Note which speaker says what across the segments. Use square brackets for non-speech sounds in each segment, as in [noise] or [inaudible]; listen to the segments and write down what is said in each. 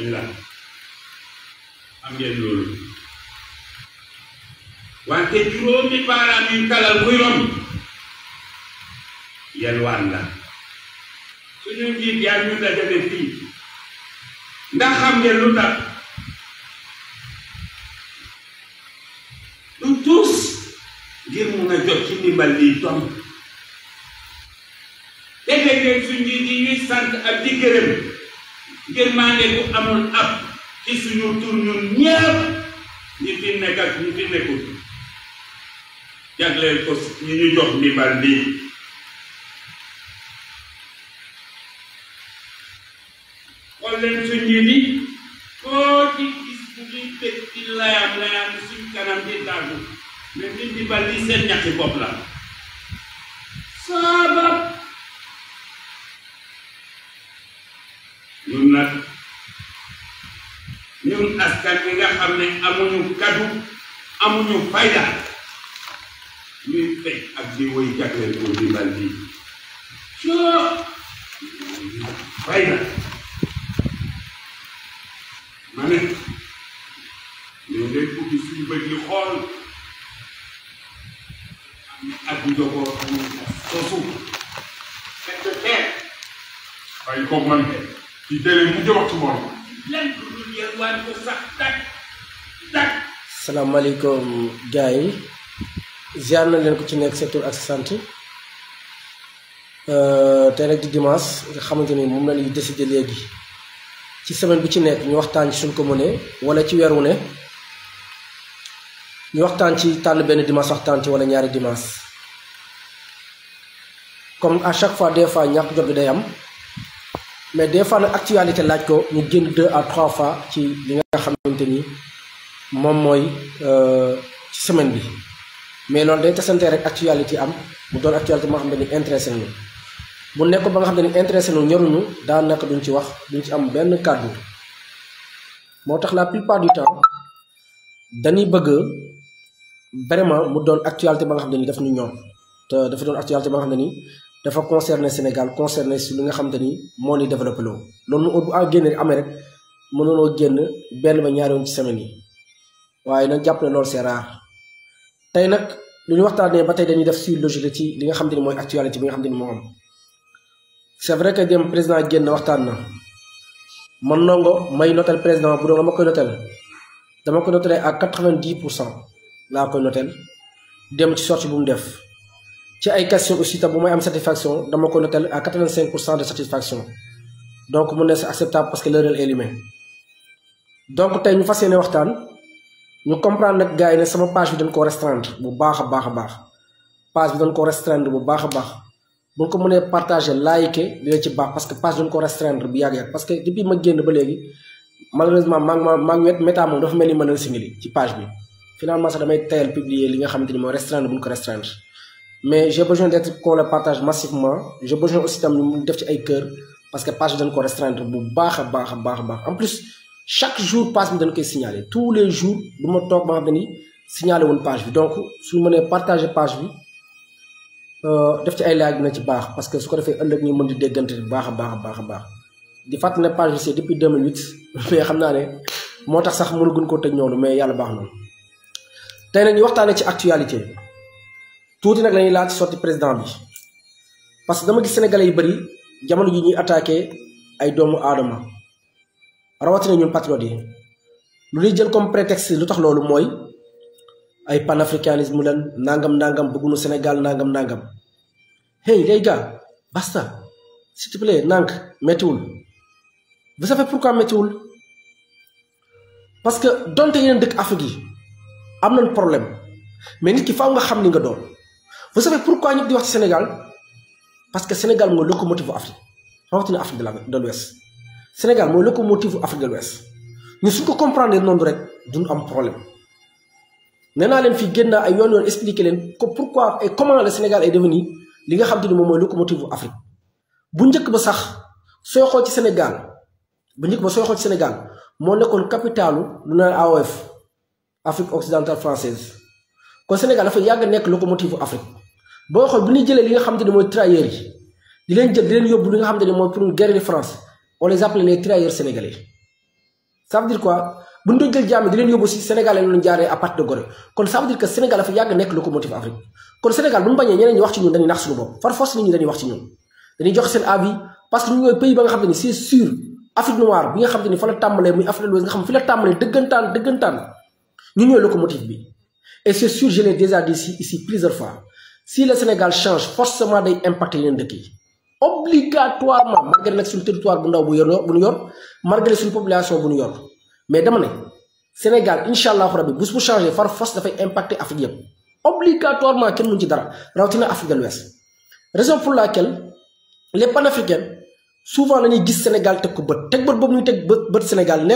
Speaker 1: ñu laaj am ngeen wante juróomi baaraam yu kalal muy romb yelwaan njiit yaa ñu dajale fii ndax xam ngeen lu tax du tuus ngir mun a jot ci ndimbal lii tomb te léeg-léeg njiit yi ñuy sant ak di yërmande bu amul ab ci suñu tur ñun ñi fi nekk ñi fi nekkul jagleel ko ñi ñu jox ndimbal lii leen suñ ñi ni koo ci gis bu ñuy tëg ci layam layam suñ kanam di tàggu mais li ndimbal lii seen ñaxi bopp la xam ne amuñu kaddu amuñu fayda ñuy fekk ak di woy jagleel ko di bal bi soo ma ne léeg léeg ubbi suñu bët yi xool ak njogoo amul soosu teer
Speaker 2: waaye ko man ci télé mu jëm ak ci salaamaaleykum gars yi ziar na leen ko ci nekk seen ak sa sant euh, tey nag di dimanche nga xamante ni moom la ñuy décider léegi ci semaine bu ci nekk ñu waxtaan ci suñ ko mënee wala ci weer wu ne ñu waxtaan ci tànn benn dimanche waxtaan ci wala ñaari dimanche comme à chaque fois des fois ñàkk jot bi day am mais des fois nag actualité laaj ko ñu génn deux à trois fois ci li nga xamante ni. mom moy euh semaine bi mais lolou day tassante rek actualité am mu doon actualité mo xam dañu intéressé ñu bu nekk ba nga xam intéressé ñu ñoru ñu da daanaka duñ ci wax duñ ci am benn cadeau motax la plupart du temps dañuy bëgg vraiment mu doon actualité ba nga xam ne ni daf ñu ñoom te dafa doon actualité ba nga xam ne dafa concerné Sénégal concerné si li nga xam te moo ni développé loo loolu à génne amee rek mënuloo génn benn ba ñaari yoon ci semaine yi waye nañ jàpp ne loolu c'est rare tay nak luñu ñu ba tay dañuy def sur logique ci li nga xamni moy actualité bi nga xamni mo am c'est vrai que dem président génn waxtaan na man nongo may notel président bu do dama makoy notel dama ko notelee à 90% la dix pour koy notel dem ci sortie bu mu def ci ay question aussi ta bu may am satisfaction dama ko notel à 85% de satisfaction donc mu ne acceptable parce que l'heure est limée donc tay ñu fas yéene waxtaan ñu comprendre nag gars yi ne sama page bi dañ ko restreindre bu baax a baax a baax page bi dañ ko restreindre bu baax a baax buñ ko mënee partager liker dina ci baax parce que page dañ ko restreindre bu yàgg-yàgg parce que depuis ma génn ba léegi malheureusement maa ma maa ngi méta moom dafa mel ni ma leen singili ci page bi finalement sax damay tayal publier li nga xamante ni mooy restreindre bu ko restreindre mais j'ai besoin d'être qu'on le partage massivement j'ai besoin aussi tam mu def ci ay cœur parce que page dañ ko restreindre bu baax a baax a baax a baax en plus chaque jour passe, nous donne koy signaler tous les jours du ma toog signaler une page bi donc su ma nee partager page bi euh, def ci ay laaj dina ci parce que ce qu'on fait ëllëg ñu mën di déggante bu baax a baax a baax di ne page c'est depuis 2008 [laughs] mais comme naa ne moo tax sax mënaguñ koo tëj mais yàlla baax na tey nag ñu ci actualité Tout est la ñuy laaj sorti président bi parce que dama gis sénégalais yu bëri jamono ji ñuy attaqué ay doomu aadama rawatina ñun yi lu ñuy jël comme prétexte lu tax loolu mooy ay panafricanisme lan nangam nangam Sénégal nangam nangam hey les gars basta s'il te plaît nank méttiwul vous savez pourquoi méttiwul parce que donte yeneen dëkk Afrique yi am nañ problème mais nit ki faaw nga xam ni nga doon vous savez pourquoi ñëpp di wax ci Sénégal parce que Sénégal le locomotive Afrique rawatina Afrique de l'Ouest Sénégal mooy locomotive bu Afrique de l'Ouest ñu suñ ko comprendre noonu rek duñ am problème néna naa leen fii génn ay yoon yoon expliquer leen ko pourquoi et comment le Sénégal est devenu li nga xam te ni moom mooy locomotive Afrique bu njëkk ba sax sooy xool ci Sénégal bu njëkk ba sooy xool ci Sénégal moo nekkoon capitalu lu naan AOF Afrique occidentale française kon Sénégal dafa yàgg nekk locomotive Afrique booy xool bu ñuy jëlee li nga xam te ni mooy tirailleurs yi di leen jël di leen yóbbu li nga xam te mooy pour guerre de France on les appelle les travailleurs sénégalais ça veut dire quoi bu ñu doon jël jaam yi di Sénégalais yóbbu si Sénégal ñu à part de Gore. kon ça veut dire que Sénégal dafa yag nek locomotive Afrique kon Sénégal buñ bañé ñeneen ñu wax ci ñun dañuy nax suñu bop. par force nit ñi dañuy wax ci ñun dañuy jox sen avis parce que ñu pays ba nga xamni c'est sûr Afrique noire bi nga xamni fa la tàmbalee muy Afrique de nga xam fi la tàmbalee dëggantaan dëggantaan ñu ñoy locomotive bi et c'est sûr je l'ai déjà dit ici plusieurs fois si le Sénégal change forcément day impacter yeneen obligatoirement malgré sur territoire bu ndaw malgré population bu mais dama Sénégal inshallah, allahu rabi vous bu changer far force impacter Afrique obligatoirement kenn mun ci dara Afrique de l'Ouest raison pour laquelle les panafricains souvent dañuy gis Sénégal teg ko le Sénégal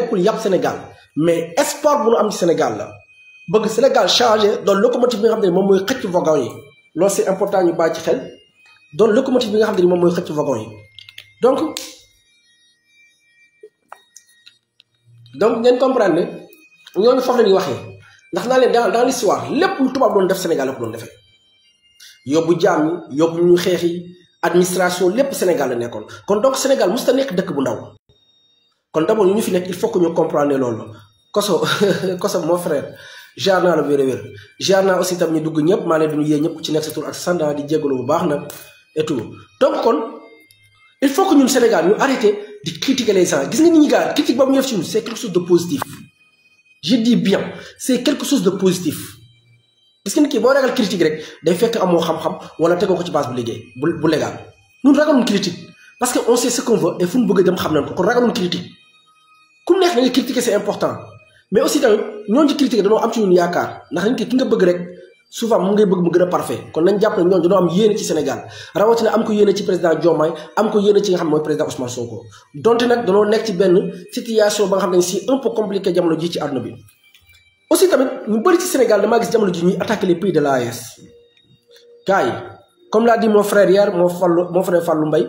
Speaker 2: Sénégal mais espoir bu ñu am ci Sénégal la bëgg Sénégal changer locomotive bi nga c'est important ñu ci donc locomotive bi nga xam ne moom donc donc ngeen comprendre ne ñooñu foofu la dans l'histoire lépp lu tubaab doon def Sénégal la ko doon defee yóbbu jaam yi ñu administration lépp Sénégal la nekkoon kon donc Sénégal bu ndaw kon ñu il faut que ñu comprendre loolu koso [laughs] koso mon frère jaar naa la wér aussi tam ñu dugg ñëpp maa ci sa ak et tout donc kon il faut que ñun Sénégal ñu arrêter de critiquer les gens gis nga nit ñi gars critique ba mu ñëw ci c'est quelque chose de positif je dis bien c'est quelque chose de positif gis nga ki bo ragal critique rek day fekk amo xam-xam wala tegoo ko ci base bu liggéey bu légal ñun ragalun critique parce que on sait ce qu'on veut et fu mu bëgg dem xam nañ ko kon ragalum critique ku neex na critiquer c'est important mais aussi tamit ñoo ci critiquer dañoo am ci ñun yaakaar ndax nit ki ki nga bëgg rek. souvent mu ngay bëgg mu gën a parfait kon nañ jàpp ne ñoom dañoo am yéene ci Sénégal rawatina am ko yéene ci président Diomaye am ko yéene ci nga xam ne mooy président Ousmane Sonko donte nag dañoo nekk ci benn situation ba nga xam ne si un peu compliqué jamono ji ci àdduna bi aussi tamit ñu bëri ci Sénégal damaa gis jamono ji ñuy attaqué les pays de l'AES gars yi comme l'a dit moo frère hier moo fallu mon frère Fallou Mbaye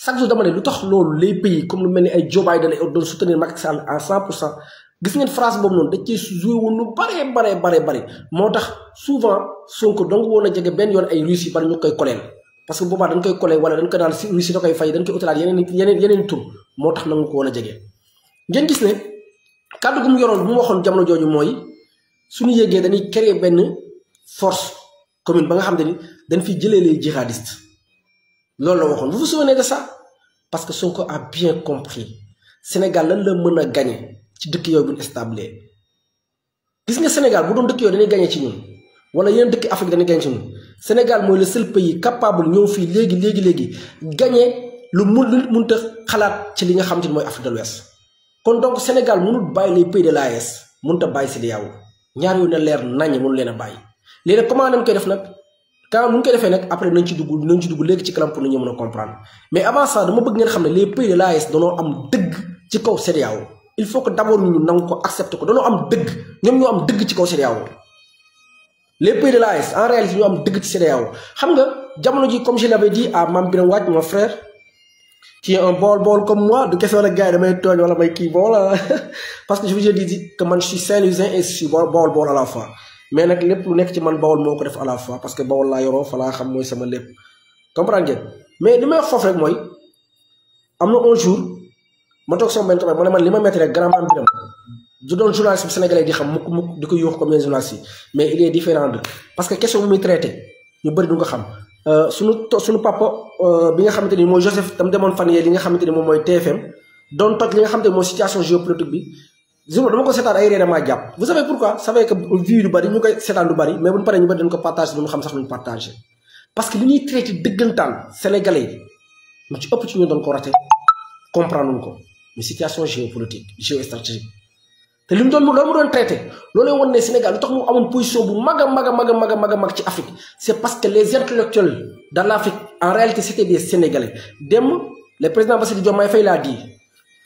Speaker 2: chaque jour dama ne lu tax loolu les pays comme lu mel ni ay Joe Biden dañoo doon soutenir Macky Sall à 100 pour cent gis ngeen phrase boobu noonu da cee joué woon lu bare bare bare bare moo tax souvent Sonko dong woon a jege benn yoon ay Russie bari ñu koy koleel parce que boobaa dañ koy koleel wala dañ koy naan si Russie da koy fay dañ koy utalaat yeneen yeneen tur moo tax nangu ko woon a jege. ngeen gis ne kàddu gu mu yoroon bu mu waxoon jamono jooju mooy suñu yéegee dañuy créer benn force commune ba nga xam ne ni dañ fiy jëlee les jihadistes. loolu la waxoon vous vous souvenez de ça parce que Sonko a bien compris Sénégal lan la mën a gañe ci dëkk yow bu ñu stable gis nga Sénégal bu doon dëkk yow dañuy gañe ci ñun wala yeneen dëkk Afrique dañuy gañe ci ñun Sénégal mooy le seul pays capable ñëw fii léegi léegi léegi gañe lu mun lu xalaat ci li nga xam te mooy Afrique de l'Ouest kon donc Sénégal mënul bàyyi les pays de l'AES mënut a bàyyi CEDEAO ñaar yu ne leer nañ mënu leen a bàyyi léegi comment nañ koy def nag quand nu ñu koy après nañ ci dugg nañ ci dugg léegi ci kanam pour ñu mën comprendre mais avant ça dama bëgg ngeen xam les pays de l'AES danoo am deug ci kaw CEDEAO il faut que d'abord abord ñu nangu ko accepter ko dañu am deug ñom ñu am deug ci kaw CEDEAO les pays de l'AES en réalité ñu am deug ci CEDEAO xam nga jamono ji comme je l' dit à Mame Birame Wathie mon frère qui est un bol bol comme moi du question nag gars yi damay togn wala may ki bol [laughs] parce que je vous ai dit que man je suis Saint-Louisien et je suis bol bol à la fois mais nag lépp lu nekk ci man bawol moo ko def à la fois parce que bawol laa yoroo fa laa xam mooy sama lépp comprendre ngeen mais li may wax rek mooy am na un jour ma toog sama man li ma métti rek grand maam Biram du doon journaliste bu sénégalais di xam mukk mukk di ko yuux comme yeneen yi mais il est différent de parce que question bu muy traité ñu bëri du nga xam euh, suñu to sunu papa euh, bi nga xamante ni mooy Joseph tam demoon fan yee li nga xamante ni moom mooy TFM doon toj li nga xamante ni mooy situation géopolitique bi journal dama ko seetaan ay ree ma japp vous savez pourquoi savez que vie du bari ñu koy seetaan lu bari mais bu paré ñu bari dañ ko partager duñu xam sax luñu partager parce que li ñuy traité dëggantaan sénégalais yi lu ci ëpp ci ñu doon ko raté comprendre ñu ko mais situation géopolitique géostratégique te lim doon loolu mu doon traité lolé won ne Sénégal lu tax mu amoon position bu maga maga maga maga maga mag ci Afrique c'est parce que les intellectuels dans l'afrique en réalité c'était des Sénégalais dem le président Bassirou Diomaye fay l'a dit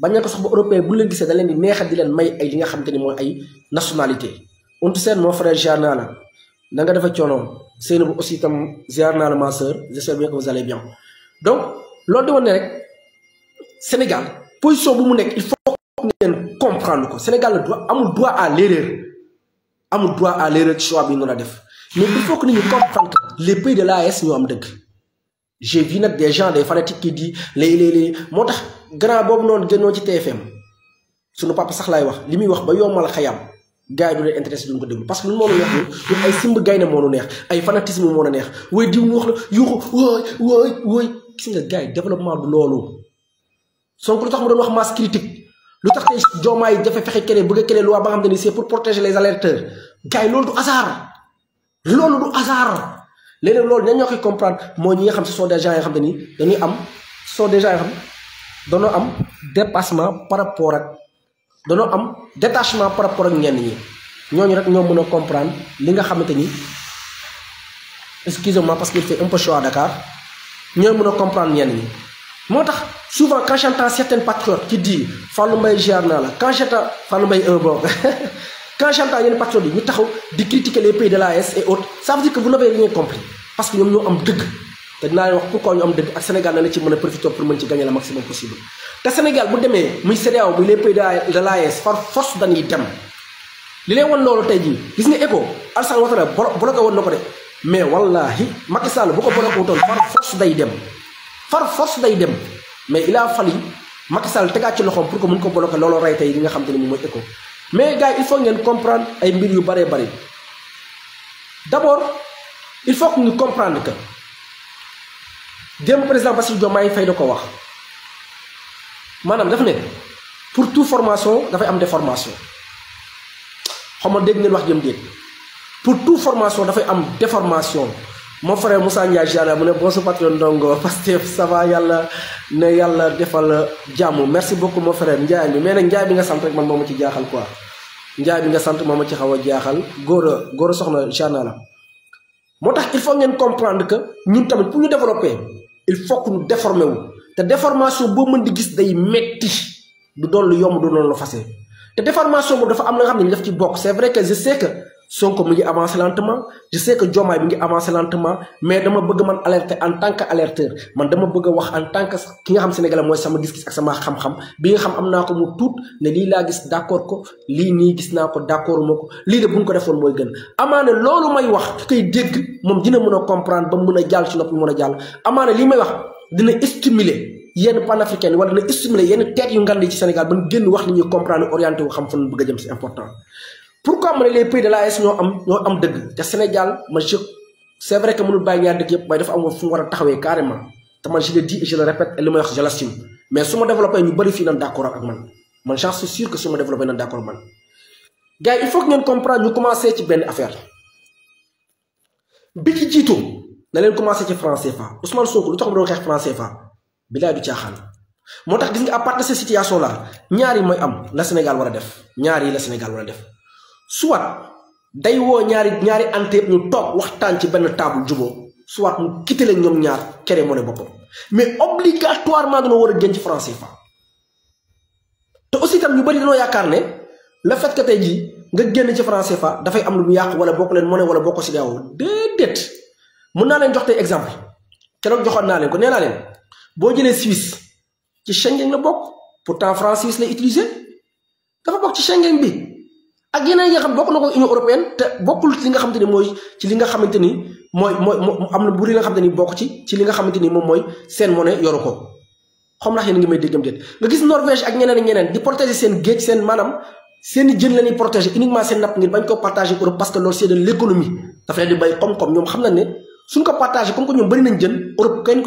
Speaker 2: bañ ko sax bu européen bu leen gisee da leen di neexal di leen may ay li nga xam te ni mooy ay nationalité untu seen moo frère ziar naa la na nga defa coonoon seen bu aussi tam ziar naa la ma sœur j'espère bien que vous allez bien donc loolu di woon rek Sénégal position bu mu nekk il faut ngeen comprendre ko Sénégal la droit amul droit à l'erreur amul droit à l'erreur ci choix bi ñu doon def mais il faut que nit ñi comprendre que les pays de AS ñoo am dëgg j'ai vu des gens des fanatiques qui disent les les les moo grand boobu noonu ci TFM sunu papa sax lay wax limi wax ba gars du intéressé duñ ko parce que lu moo nu ay simbe les gens neex ay fanatisme neex way Les wax way way nga développement du lolu son ko tax mu wax masse critique lu tax tey joomaay dafa fexe keneen bëgg loi ba xam c'est pour protéger les alerteurs gars lolu du hasard lolu du hasard les loolu koy comprendre sont des gens xam am sont des am dépassement par rapport ak am détachement par rapport ak comprendre li nga excusez-moi parce que fait un peu chaud à Dakar comprendre ñi. souvent quand j'entends certaines patriotes qui disent Fallou Mbaye quand un [laughs] quand j'entends yenn patriotes yi ñu taxaw di critiquer les pays de l'AES et autres ça veut dire que vous n'avez rien compris parce que ñoom ñoo am dëgg te dinaa leen wax pourquoi ñu am dëgg ak Sénégal na la ci mën a profiter pour mën ci gagner le maximum possible te Sénégal bu demee muy CEDEAO muy les pays de l'AES par force dañuy dem li leen wan loolu tey jii gis nga ECO Alassane Ouattara bloqué woon na ko de mais wallahi Macky Sall bu ko bloqué wutoon par force dem par force day a fallu Macky Sall tegaat mais gars il faut ngeen comprendre ay mbir yu bëree bëri d'abord il faut que nous comprendre que démb président Bassirou Diomaye Faye da ko wax manam daf ne pour toute formation fay am déformation formations, nga dégg ngeen wax jëm dégg pour toute formation fay am déformation mon frère Moussa Ndiaye Diallo mon bon patron dongo, [laughs] Pastef ça va yàlla ne yàlla defal jàmm merci beaucoup mon frère Ndiaye mais nag Ndiaye bi nga sant rek man moo ci jaxal quoi. njaay bi nga sant moom a ci xaw a jaaxal góor a góor a soxna incha la moo tax il faut ngeen comprendre que ñu tamit pour ñu développer il faut que ñu déformer wu te déformation boo mën di gis day metti du doon lu yomb du doon lu fase te déformation boobu dafa am la nga xam ne ñu def ci bokk c'est vrai que je sais Sonko mi ngi avancé lentement je sais que Diomaye mi ngi avancé lentement mais dama bëgg man alerter en tant que alerteur man dama bëgg wax en tant que ki nga xam Sénégalais moy sama gis-gis ak sama xam-xam bi nga xam amna ko mu tout ne li la gis d'accord ko li ni gis naa ko d'accord ma ko de buñ ko defoon moy gën amana lolu may wax kay koy dégg moom dina mën comprendre ba mën a ci nopp mën a amana li lii may wax dina stimuler yenn panafricaine wala dina stimuler yenn tête yu ngand ci Sénégal ba gën wax ni ñu comprendre orienté wu xam fu bëgg a jëm c'est important pourquoi ma les pays de l'AES ñoo am ñoo am dëgg te Sénégal ma je c'est vrai que mënul bay ñaar dëgg yépp waaye dafa am fu wara taxawé carrément te man je le dis et je le répète et le meilleur je l'assume mais suma développé ñu bari fi nan d'accord ak man man je suis sûr que suma développé nan d'accord man gars il faut que ngeen comprendre ñu commencer ci ben affaire bi ci jitu na len commencer ci français fa Ousmane Sonko lu tax mu xex français fa CFA bilaay du caaxaan motax gis nga à part de cette situation là ñaar yi mooy am la Sénégal wara def ñaar yi la Sénégal wara def soit day woo ñaari ñaari ante yëpp ñu toog waxtaan ci benn table juboo soit mu quitté leen ñoom ñaar kere moo ne boppam mais obligatoirement dañoo war a gën ci franc CFA te aussi tam ñu bëri dañoo yaakaar ne le fait que tey jii nga génn ci franc fa dafay am lu mu yàqu wala bokk leen monnaie wala bokk si gaaw déedéet mun naa leen jox te exemple keroog joxoon naa leen ko nee leen boo jëlee Suisse ci Schengen la bokk pour franc Suisse lay utiliser dafa bokk bi. ak yeneen yi nga xam bokk ko Union européenne te bokkul ci li nga xamante ni mooy li nga xamante ni mooy moo am na bu li nga xamante ni bokk ci ci li nga xamante ni moom mooy seen monnaie yoru ko xam ndax yéen ngi may déggam déet nga gis Norvège ak ñeneen ak ñeneen di protéger seen géej seen maanaam seeni jën la ñuy protéger uniquement seen napp ngir bañ ko partager Europe parce que loolu c'est l'économie dafa leen di bay koom-koom ñoom xam na ne suñ ko partagé comme que ñoom bëri nañ jën Europe kenn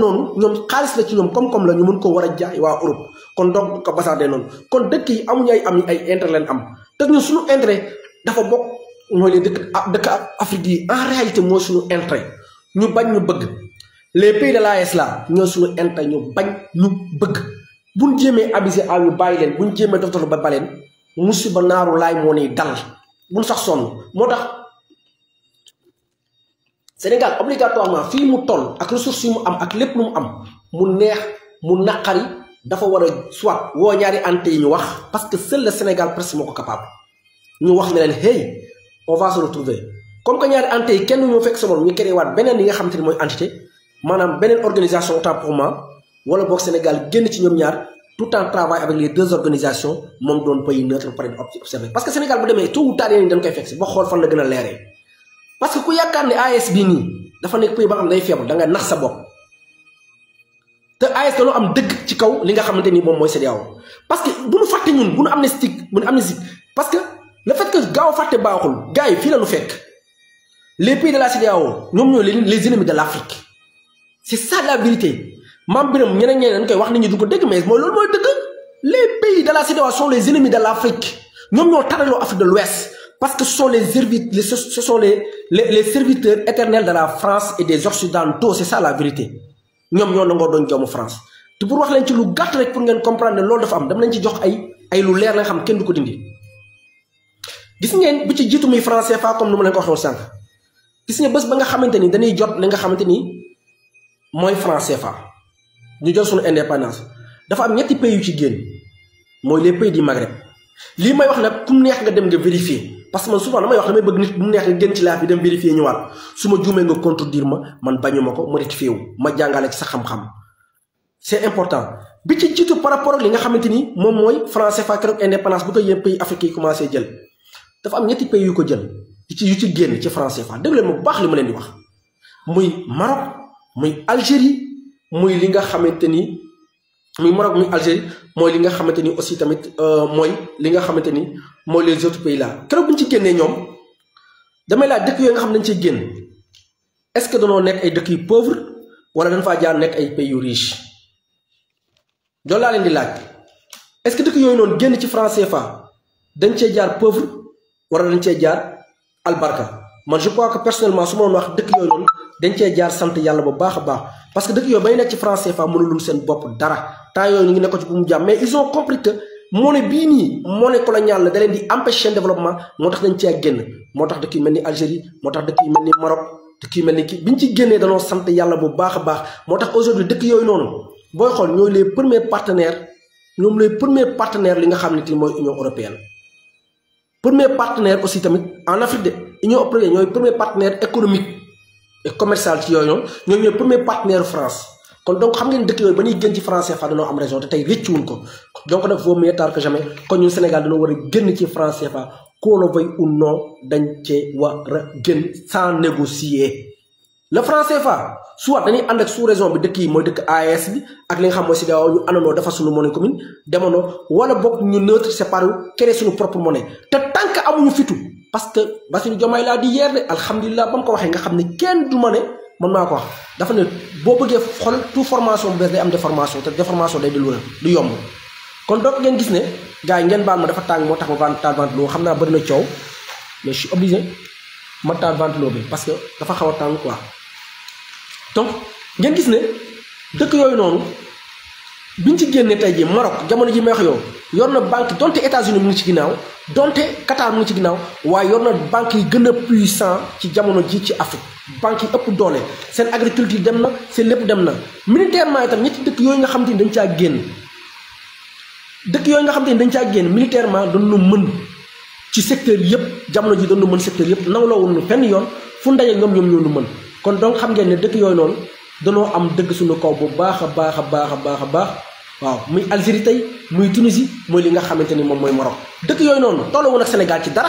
Speaker 2: noonu ñoom xaalis la ci ñoom koom la ñu mën ko war a jaay waa Europe kon donc ko basaatee noonu kon dëkk yi amuñu ay am ay intérêt leen am te ñun suñu intérêt dafa bokk mooy les dëkk dëkk Afrique yi en réalité mooy suñu intérêt ñu bañ ñu bëgg les pays de l'AES la ñoo suñu intérêt ñu bañ ñu bëgg buñ jéemee abusé aw yu bàyyi leen bu buñ jéemee dof dof ba baleen musiba naaru laay moo ni dal buñ sax sonn moo tax Sénégal obligatoirement fii mu toll ak ressources yi mu am ak lépp lu mu am mu neex mu naqari dafa war a soit woo ñaari ante yi ñu wax parce que seul le Sénégal presque moo ko capable ñu wax ne leen hey on va se retrouver comme que ñaari ante yi kenn ñu fekk sa morom ñu créé waat beneen yi nga xamante ni mooy entité maanaam beneen organisation autant pour moi wala boog Sénégal génn ci ñoom ñaar tout en travail avec les deux organisations moom doon pays neutre ba pare observé parce que Sénégal bu demee tôt ou tard yéen dañ koy fekk si ba xool fan la gën a leeree parce que ku yaakaar ne AS bii nii dafa nekk pays ba nga xam day faible da nga nax sa bopp te AS dañoo am dëgg ci kaw li nga xamanteni mom moy mooy parce que bu faté ñun bu nu amnistie bu parce que le fait que gaaw faté baaxul gars fi la lu fekk les pays de la CEDEAO ñom ñooy les ennemis de l'Afrique, c'est ça la vérité mam biram ñene ñeneen dañ koy wax nit ñi du ko dégg mais moy lool moy dëgg les pays de la CEDEAO sont les ennemis de l'Afrique ñom ñoo taraloo Afrique de l'Ouest parce que ce sont les serviteurs ce sont les les serviteurs éternels de la France et des occidentaux c'est ça la vérité nous ñoo nangoo doon joomu France te pour wax leen ci lu gatt rek pour ngeen comprendre ne dafa am dama lañ ci jox ay ay lu leer la xam kenn du ko dindi gis ngeen bu ci jitu muy français fa comme numu lañ ko waxo sank gis nga bëss ba nga xamanteni dañuy jot li nga xamanteni moy français fa ñu jël suñu indépendance dafa am ñetti pays yu ci génn moy les pays du maghreb li may wax nak ku neex nga dem nga vérifier parce que man souvent damay wax damay bëgg nit bu neex nga gën ci laaf bi dem vérifier ñu su suma juumee nga contredire ma man bañuma ko mo rectifié wu ma jàngale ci sa xam-xam c'est important bi ci jiitu par rapport ak li nga xamanteni mom moy français franc CFA indépendance bu ko yéen pays afrique yi commencé jël dafa am ñetti pays yu ko jël ci yu ci génn ci franc CFA dégg leen bu baax li ma leen di wax muy Maroc muy Algérie muy li nga xamanteni ni muy Maroc muy Algérie mooy li nga xamante ni aussi tamit euh, mooy li nga xamante ni mooy les autres pays là keroog bu ñu ci génnee ñoom damay laaj dëkk yooyu nga xam ne ci ciy génn est-ce que danoo nekk ay dëkk yu pauvre wala dañ faa jaar nekk ay pays yu riche loolu laa leen di laaj est-ce que dëkk yooyu noonu génn ci français fa dañ cee jaar pauvre wala dañ cee jaar albarka man je crois que personnellement su ma wax dëkk yooyu noonu dañ cee jaar sant yàlla bu baax a baax parce que dëkk yooyu bay nekk ci franc CFA mënulul seen bopp dara temps yooyu ñu ngi nekkoon ci bu mu jàmm mais ils ont compris que monnaie bii nii monnaie coloniale la da leen di empêcher seen développement moo tax dañ cee génn moo tax dëkk yu mel ni Algérie moo tax dëkk yu mel ni Maroc dëkk yu mel ni kii bi ñu ci génnee danoo sant yàlla bu baax a baax moo tax aujourd'hui dëkk yooyu noonu boy xol ñoy les premiers partenaires ñoom les premiers partenaires li nga xamni ti union européenne premier partenaire aussi tamit en Afrique de union européenne ñoy premier partenaire économique et commercial ci yoy noonu ñoy ñooy premier partenaire France kon donc xam ngeen dëkk yooyu ba ñuy génn ci français fa dañoo am raison te tey rëccuwuñ ko donc nag vaut mieux tard que jamais kon ñun Sénégal dañoo war a génn ci français fa qu'on le ou non dañ ci war a génn sans négocier le franc CFA soit dañuy and ak sous raison bi dëkk yi mooy dëkk AES bi ak li nga xam mooy CEDEAO ñu àndandoo dafa suñu monnaie commune demoonoo wala bokk ñu neutre séparé créer suñu propre monnaie te tant que amuñu fitu parce que Bassirou jomay laa di yeer de alhamdulilah ba mu ko waxee nga xam ne kenn du ma ne mën naa ko wax dafa ne boo bëggee xol tout formation bu bees day am déformation te déformation day dellu du yomb kon donc ngeen gis ne gars yi ngeen baal ma dafa tàng moo tax ma baal taal vente loo xam naa bëri na coow mais je suis obligé ma taal vente loo bi parce que dafa xaw a tàng quoi donc ngeen gis ne dëkk yooyu noonu biñ ci génnee tey ji Maroc jamono ji may wax yow yor na banque donte États-Unis mu ngi ci ginnaaw donte Qatar mu ngi ci ginnaaw waaye yor na banque yi gën a puissant ci jamono ji ci Afrique banque yi ëpp doole seen agriculture dem na seen lépp dem na militairement tam ñetti dëkk yooyu nga xam te ni dañ caa génn dëkk yooyu nga xam te dañ caa génn militairement dañu mën ci secteur yëpp jamono ji dañu mën secteur yëpp nangu loo woon fenn yoon fu n ñoom ñoo nu mën kon donc xam ngeen ne dëkk yooyu noonu danoo am dëgg suñu kaw bu baax a baax a baax a baax a baax waaw muy Algérie tey muy Tunisie mooy li nga xamante ni moom mooy Maroc dëkk yooyu noonu tolluwoon ak Sénégal ci dara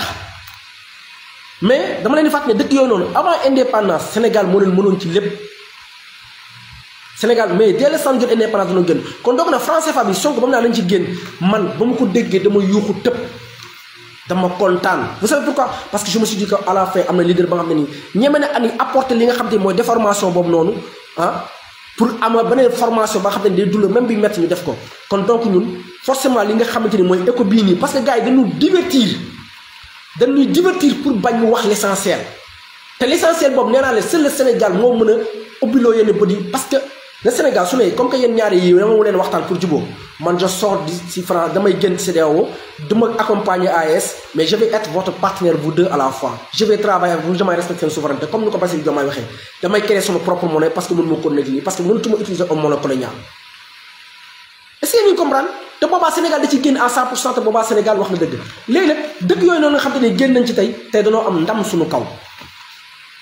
Speaker 2: mais dama leen di ne dëkk yooyu noonu avant indépendance Sénégal moo leen mënoon ci lépp Sénégal mais de le san jot indépendance dañoo génn kon donc na franc CFA yi Sonko ba mu naa lañ ci génn man ba mu ko déggee dama yuuxu tëpp dama kontaan vous savez pourquoi parce que je me suis dit que à la fin amna leader ba nga xam ne ani apporter li nga xam moy mooy déformation bobu nonu ah pour am beneen formation ba nga xam day même bi metti ñu def ko kon donc ñun forcément li nga xamante moy éco bi ni parce que gars yi dañu divertir dañu divertir pour bañ wax l'essentiel essentiel te l' essentiel boobu nee seul le Sénégal mo meuna a ubbiloo yenn parce que le Sénégal su comme que yéen ñaari yi dama leen waxtan pour jubóo man je sors ci France damay gën ci du duma accompagner AS mais je vais être votre partenaire vous deux à la fois je vais travailler avec vous je damay respecter seen souveraineté comme nous ko passé Diomaye waxee damay créer son propre monnaie parce que mënu moko ko parce que mënutuma utiliser un monnaie coloniale est-ce que vous comprendre te papa Sénégal da ci gën à 100% te boobaa Sénégal wax na dëgg léegi nak dëgg yoy non nga xam te ne nañ ci tay tay dañu am ndam suñu kaw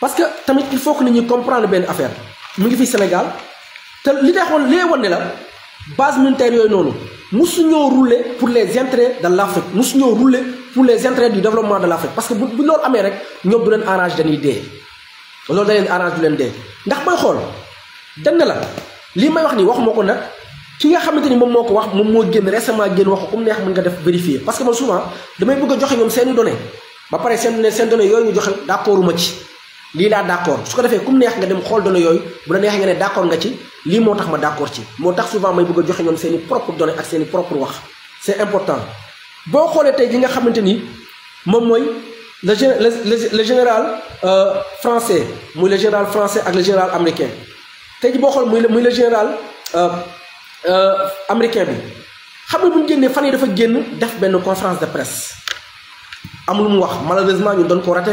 Speaker 2: parce que tamit il faut que nit ñi comprendre benn affaire mu ngi fi Sénégal te li taxoon lee wan ne la base militaire yooyu noonu musu ñoo rouler pour les intérêts de l' Afrique musu ñoo rouler pour les intérêts du développement de l' Afrique parce que bu bu loolu amee rek ñoom du leen arrange dañuy dee loolu da leen arrange du leen dee ndax booy xool dañ ne la lii may wax ni waxuma ko nag ki nga xamante ni moom moo ko wax moom moo génn récemment génn wax ko comme neex mën nga def vérifier parce que man souvent damay bëgg a joxe ñoom seeni données ba pare seen seen données yooyu ñu joxe d' accorduma ci lii laa d'accord su ko kum neex nga dem xool bu d'accord nga ci lii d'accord ci moo tax souvent may bëgg propre donné ak propre wax c'est important boo xoolee tey nga ni le général euh, français muy le général français ak le général américain ji le général euh, euh, américain bi xam nga bu dafa génn conférence de presse malheureusement ñu doon ko raté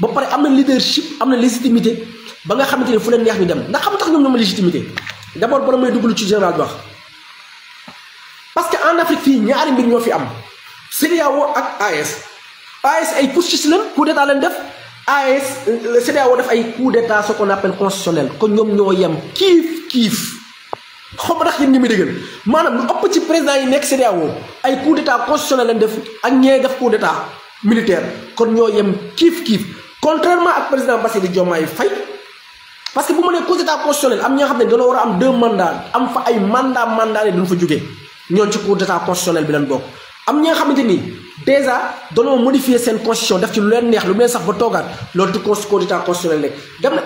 Speaker 2: ba pare am na leadership am na légitimité ba nga xamante ni fu leen neex ñu dem ndax xam tax ñoom ñoom légitimité d' abord bala may dugg ci général bi wax que en Afrique fii ñaari mbir ñoo fi am CEDEAO ak AES AES ay putschistes la coup d'état leen def AES CEDEAO def ay coup d'état ce qu'on appelle constitutionnel kon ñoom ñoo yem kiif kiif xaw ma ndax yéen ñi muy déggal maanaam lu ëpp ci président yi nekk CEDEAO ay coup d'état constitutionnel leen def ak ñee def coup d'état militaire kon ñoo yem kiif kiif. contrairement ak président Bassirou Faye parce que vous le d'État constitutionnel am vous avez deux am deux mandats am d'État constitutionnel modifier constitution d'État constitutionnel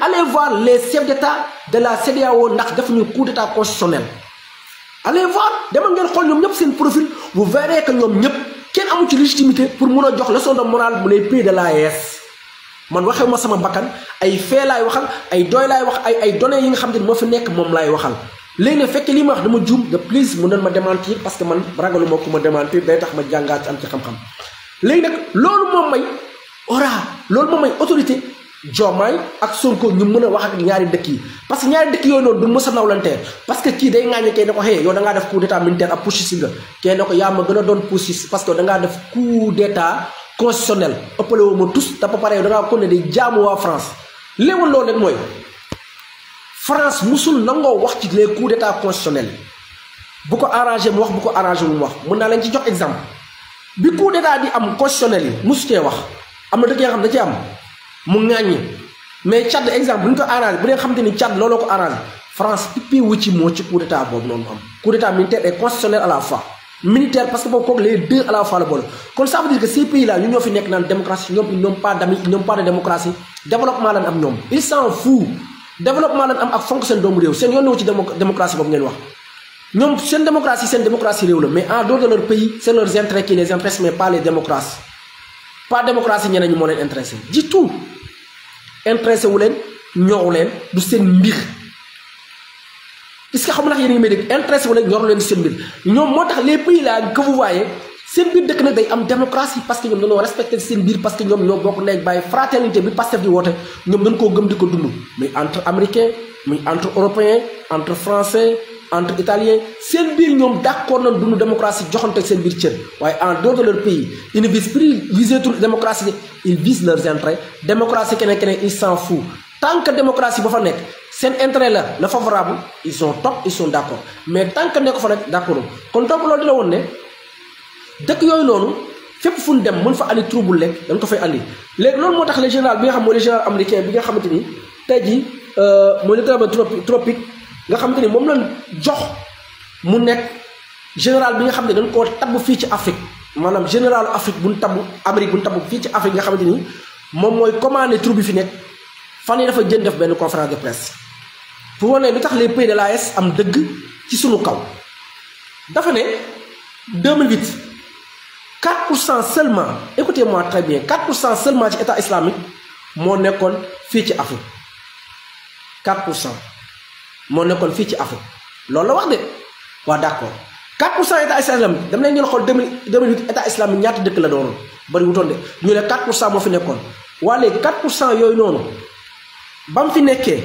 Speaker 2: allez voir les chefs d'État de la CEDEAO deux mandats, vous d'État constitutionnel allez voir avez deux mandats, vous vous verrez que vous avez légitimité pour mun leçon de morale bu les pays de e man waxew ma sama bakkan ay fee laay waxal ay doy laay wax ay ay données yi nga xam ne moo fi nekk moom laay waxal léegi nag fekkee li ma wax dama juum de plus mu doon ma démentir parce que man ragalu ma ku ma démentir day tax ma jàngaat ci xam-xam léegi nag loolu moom may ora loolu moom may autorité Diomaye ak Sonko ñu mën a wax ak ñaari dëkk yi parce que ñaari dëkk yooyu noonu du mës a nawlante parce kii day ŋaañe kee ne ko xëy yow da def coup d'état militaire a doon putschiste parce que da ngaa def constitutionnel ëppale woo ma tous te ba pare yow da ngaa ko ne di jaamu waa France léewal loolu leen mooy France musul nangoo wax ci les coups d'état constitutionnels bu ko arrangé mu wax bu ko arrangé mu wax mën naa leen ci jox exemple bi coup d'état di am constitutionnel yi musu cee wax am na dëkk yoo xam da ci am mu ŋàññi mais Tchad exemple bu ñu ko arrangé bu dee xamante ni Tchad looloo ko arrangé France pipi ci moo ci coup d'état boobu noonu am coup d'état la fois militaire parce que boobu kooku les deux à la kon ça veut dire que ces pays ñu ñoo fi nekk naan démocratie ñoom ils n'ont pas d'amis de démocratie développement lañ am ñoom ils s'en fout développement lañ am ak fonk seen doomu réew seen yoon ci démocratie boobu ngeen wax ñoom seen démocratie seen démocratie réew la mais en dehors de leur pays c'est leurs intérêts qui les intéressent mais pas les démocraties pas démocratie ñeneen ñi moo leen intéressé du parce que xam nga yéen a ngi may dégg intéressé leen yor leen seen mbir les pays là que vous voyez c'est le dëkk de day am démocratie parce que nous respectons le seen biir parce que ñoom ñoo bokk nekk bàyyi fraternité bi que di woote ñoom dañ koo gëm di ko dund Mais entre Américains, muy entre Européens, entre français entre italien seen biir nous d'accord nañ dund démocratie joxante seen biir cër waaye en dehors de leur pays ils ne visent plus viser démocratie ils visent leurs intérêts démocratie keneen ils s'en fout tant que démocratie ba fa seen intérêt la la favorable ils sont top ils mais tant que nekk fa nag d' kon donc loolu di woon ne dëkk yooyu noonu fépp fu ñu dem mën fa andi trouble lekk dañ ko fay andi léegi loolu moo tax le général bi nga xam mooy le général américain bi nga xamante ni tey jii euh, mooy le travail tropique nga xamante ni moom la jox mu nekk général bi nga xam ne dañ ko tabb fii ci Afrique maanaam général Afrique bu ñu tabb Amérique bu ñu tabb fii ci Afrique nga xamante ni moom mooy commandé troupe bi fi nekk fan yii dafa jën def benn conférence de presse. pour wane les pays de l'AS am deug ci sunu kaw dafa ne 2008 4 seulement écoutez-moi très bien 4 seulement ci état islamique mon école fi ci Afrique 4 mo cent fi ci Afrique loolu la wax d'accord 4 de état islamique dama lay ñu xol 2008 état islamique Il dëkk la doon bari de ñu 4 mo fi 4 yoy non bam fi nekké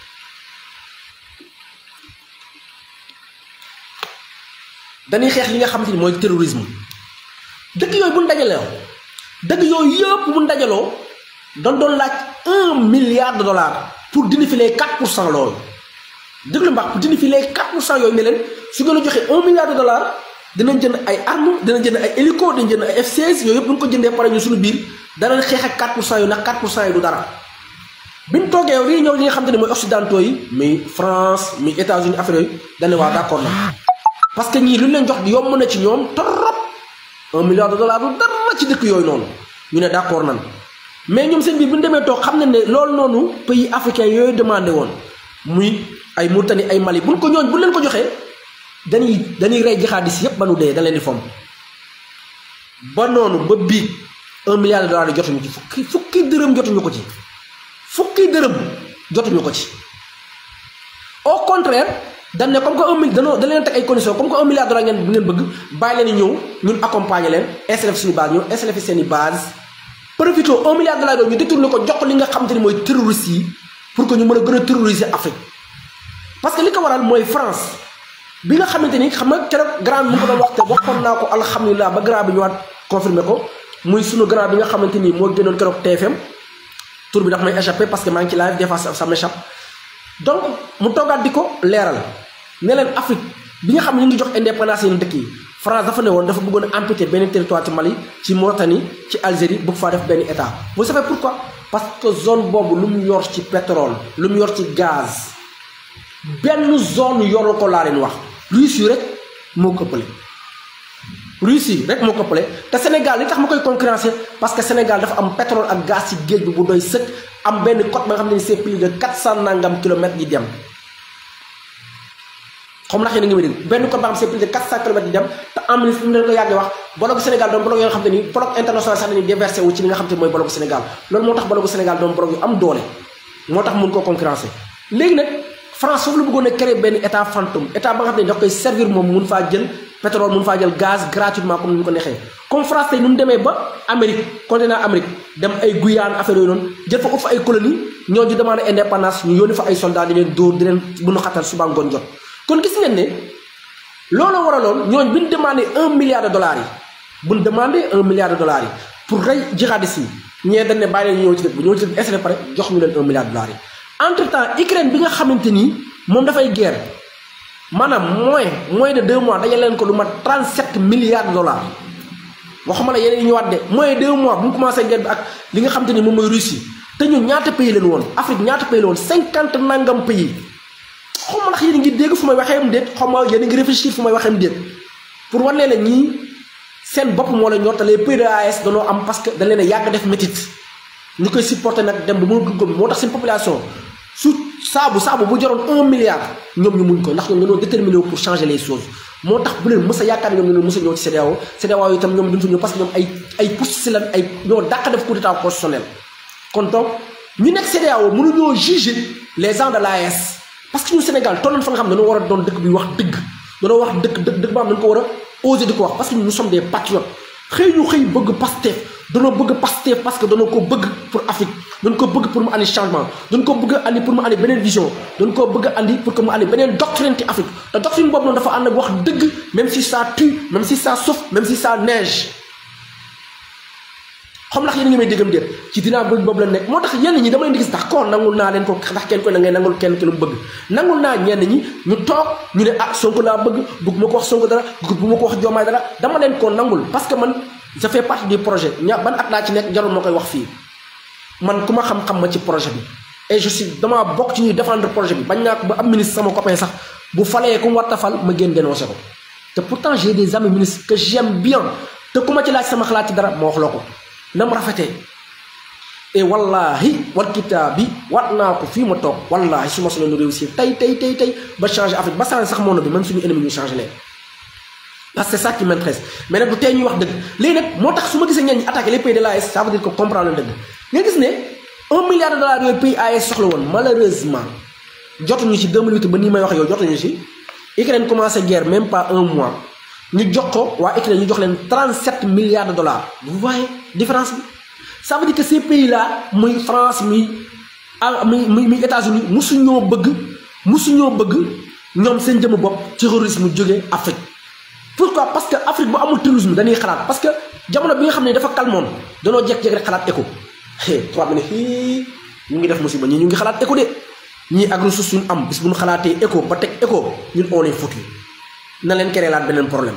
Speaker 2: dañuy xeex li nga xamante ni mooy terrorisme dëkk yooyu bu ñu dajaloo dëkk yooyu yëpp bu ñu dajaloo dañ doon laaj un milliard de dollars pour dindi fi les 4 pour cent loolu déglu mbaax pour dindi fi les 4 pour yooyu ne su gën a joxee un milliard de dollars dinañ jënd ay armes dinañ jënd ay hélico dinañ jënd ay F16 yooyu yëpp bu ñu ko jëndee pare ñu suñu biir danañ xeex ak 4 pour cent yooyu ndax 4 yi du dara. bi mu toogee réunion yi nga xamante ne mooy occidentaux yi muy France muy États-Unis affaire yooyu dañ ne waa d'accord na. parce que ñii lu leen jox yomb na ci ñoom torop un milliard de dollars du dara ci dëkk yooyu noonu ñu ne d'accord nan mais ñoom seen biir bu ñu demee toog xam ne ne loolu noonu pays africain yooyu demandé woon muy ay Mauritanie ay Mali buñ ko ñooñ bu leen ko joxee dañuy dañuy rey jihadis yépp ba nu dee da leen di fomm ba noonu ba biig un milliard de dollars yi jotuñu ci fukki fukki dërëm jotuñu ko ci fukki dërëm jotuñu ko ci au contraire dañ ne comme que un milliard danoo dañ leen teg ay conditions comme que un milliard dollar ngeen ngeen bëgg bàyyi leen ñëw ñun accompagner leen installé suñu base ñëw installé fi seen i base profité un milliard dollar yooyu ñu détourné ko jox li nga xam te ni mooy terroriste yi pour que ñu mën a gën a terroriser Afrique parce que li ko waral mooy France bi nga xamante ni xam nga keroog grand bi mu ko doon waxte waxoon naa ko alhamdulilah ba grand bi ñëwaat confirmé ko muy sunu grand bi nga xamante ni moo génnoon keroog TFM tour bi daf may échappé parce que maa ngi ci live des fois ça m'échappe donc mu toogaat di ko leeral ne leen afrique bi nga xam ne ñu ngi jox indépendance yeneen dëkk yi France dafa ne woon dafa bëggoon amputer benn territoire ci Mali ci Mauritanie ci Algérie bëgg faa def benn état vous savez pourquoi parce que zone boobu lu mu yor ci pétrole lu mu yor ci gaz benn zone yoru ko laa leen wax Russie rek moo ko ëppale Russie rek moo ko ëppale te Sénégal li tax ma koy concurrencer parce que Sénégal dafa am pétrole ak gaz ci géej bi bu doy sëkk am benn côte ba nga xam ne est plus de 400 nangam kilomètres yi dem xaw ma ndax yéen a ngi may dégg benn code boo xam plus de 400 kilomètres di dem te en wax blocu Sénégal doon bloc yoo xam te ni bloc international sax dañuy déversé wu ci li nga xam te mooy blocu Sénégal loolu moo tax blocu Sénégal doon bloc yu am doole moo tax mun koo concurrencé léegi nag France foofu la bëggoon a créer benn état fantôme mun faa jël pétrole mun France tey nu mu demee ba Amérique continent Amérique dem kon gis ngeen ne loolu waraloon ñooñ bi ñu demandé un milliard de dollars yi bu ñu demandé un milliard de dollars yi pour rey jihadistes yi ñee dañ ne bàyyi leen ñëw ci dëkk bi ñëw ci dëkk bi pare jox ñu leen un milliard de dollars yi. entre temps Ukraine bi nga xamante ni moom dafay guerre maanaam moins moins de deux mois dañu leen ko lu mat 37 milliards de dollars waxuma la yeneen yi ñëwaat de moins de deux mois bu mu commencé guerre bi ak li nga xamante ni moom mooy Russie te ñun ñaata pays leen woon Afrique ñaata pays la woon cinquante nangam pays xaw ndax yéen ngi dégg fu may waxee am déet ma yéen ngi réfléchir fu may waxee pour wane la ñii seen bopp moo la ñor te les AS danoo am parce que dañ leen a def métit ñu supporter nag dem ba population su saabu saabu bu un milliard ñoom ñu muñ ko ndax ñoom pour changer les choses moo bu leen mës a yaakaar ñoom ñoo ci CDAO CDAO itam ñoom duñ fa parce que ñoom ay ay pousse lan ay def coup kon ñu juger les gens de l'AS parce que ñu Sénégal toll nañ fa nga xam dañu wara war a doon dëkk bi wax deug dañu wax deug deug dëkk ba am ko wara oser di ko wax parce que nous sommes des patriotes xey ñu xey bëgg Pastef dañu bëgg Pastef parce que dañu ko bëgg pour Afrique dañu ko bëgg pour mu andi changement dañu ko bëgg andi pour mu andi benen vision dañu ko bëgg andi pour que mu andi benen doctrine ci Afrique te doctrine bobu noonu dafa and ak wax deug même si ça tue même si ça souffre même si ça neige xam ndax yéen ngi may déggam déet ci dina bëgg boobu la nek motax tax yenn ñi dama leen di gis tax kon nangul na leen ko tax kenn ko na ngay nangul kenn ci lu bëgg nangul na ñenn ñi ñu tok ñu ne ah Sonko la bëgg bëgg ma ko wax Sonko dara bëgg ma ko wax jomay dara dama leen ko nangul parce que man ça fait partie du projet ban at la ci nek jarul ma wax fi man kuma xam-xam ma ci projet bi et je suis dama bok ci ñuy défendre projet bi bañ na ko ba am ministre sama copain sax bu falee ku mu war fal ma génn dénoncé ko te pourtant j'ai des amis ministres que j'aime bien te kuma ci laaj sama xalaat dara mo wax loo nam rafetee et wallahi wal kitabi waat ko fi ma tok wallahi suma ma solo nu réussir tay tay tay tay ba changer Afrique ba changer sax monde bi même suñu ennemi ñu changer leen parce que c'est ça qui m'intéresse mais nak du tay ñu wax dëgg lé nak motax suma su ma gisee ñenn ñi attaqué les pays de l'AES ça veut dire que comprendre dëgg nga gis né 1 milliard de dollars yooyu pays AS soxla woon malheureusement ñu ci 2008 ba ni may wax yow jotu ñu ci Ukraine commencé guerre même pas un mois ñu jox ko waa Ukraine ñu jox leen 37 milliards de dollars vous voyez différence bi ça veut dire que ces pays là muy France muy muy muy États-Unis musu ñoo bëgg musu ñoo bëgg ñoom seen jëmm bopp terrorisme jógee Afrique pourquoi parce que Afrique bu amul terrorisme dañuy xalaat parce que jamono bi nga xam ne dafa calmoon danoo jek-jek rek xalaat écho hé trois mu ne ñu ngi def musiba ñi ñu ngi xalaat écho de ñii agro sous ñu am bis bu ñu xalaatee écho ba teg écho ñun on est foutu na leen créé laat beneen problème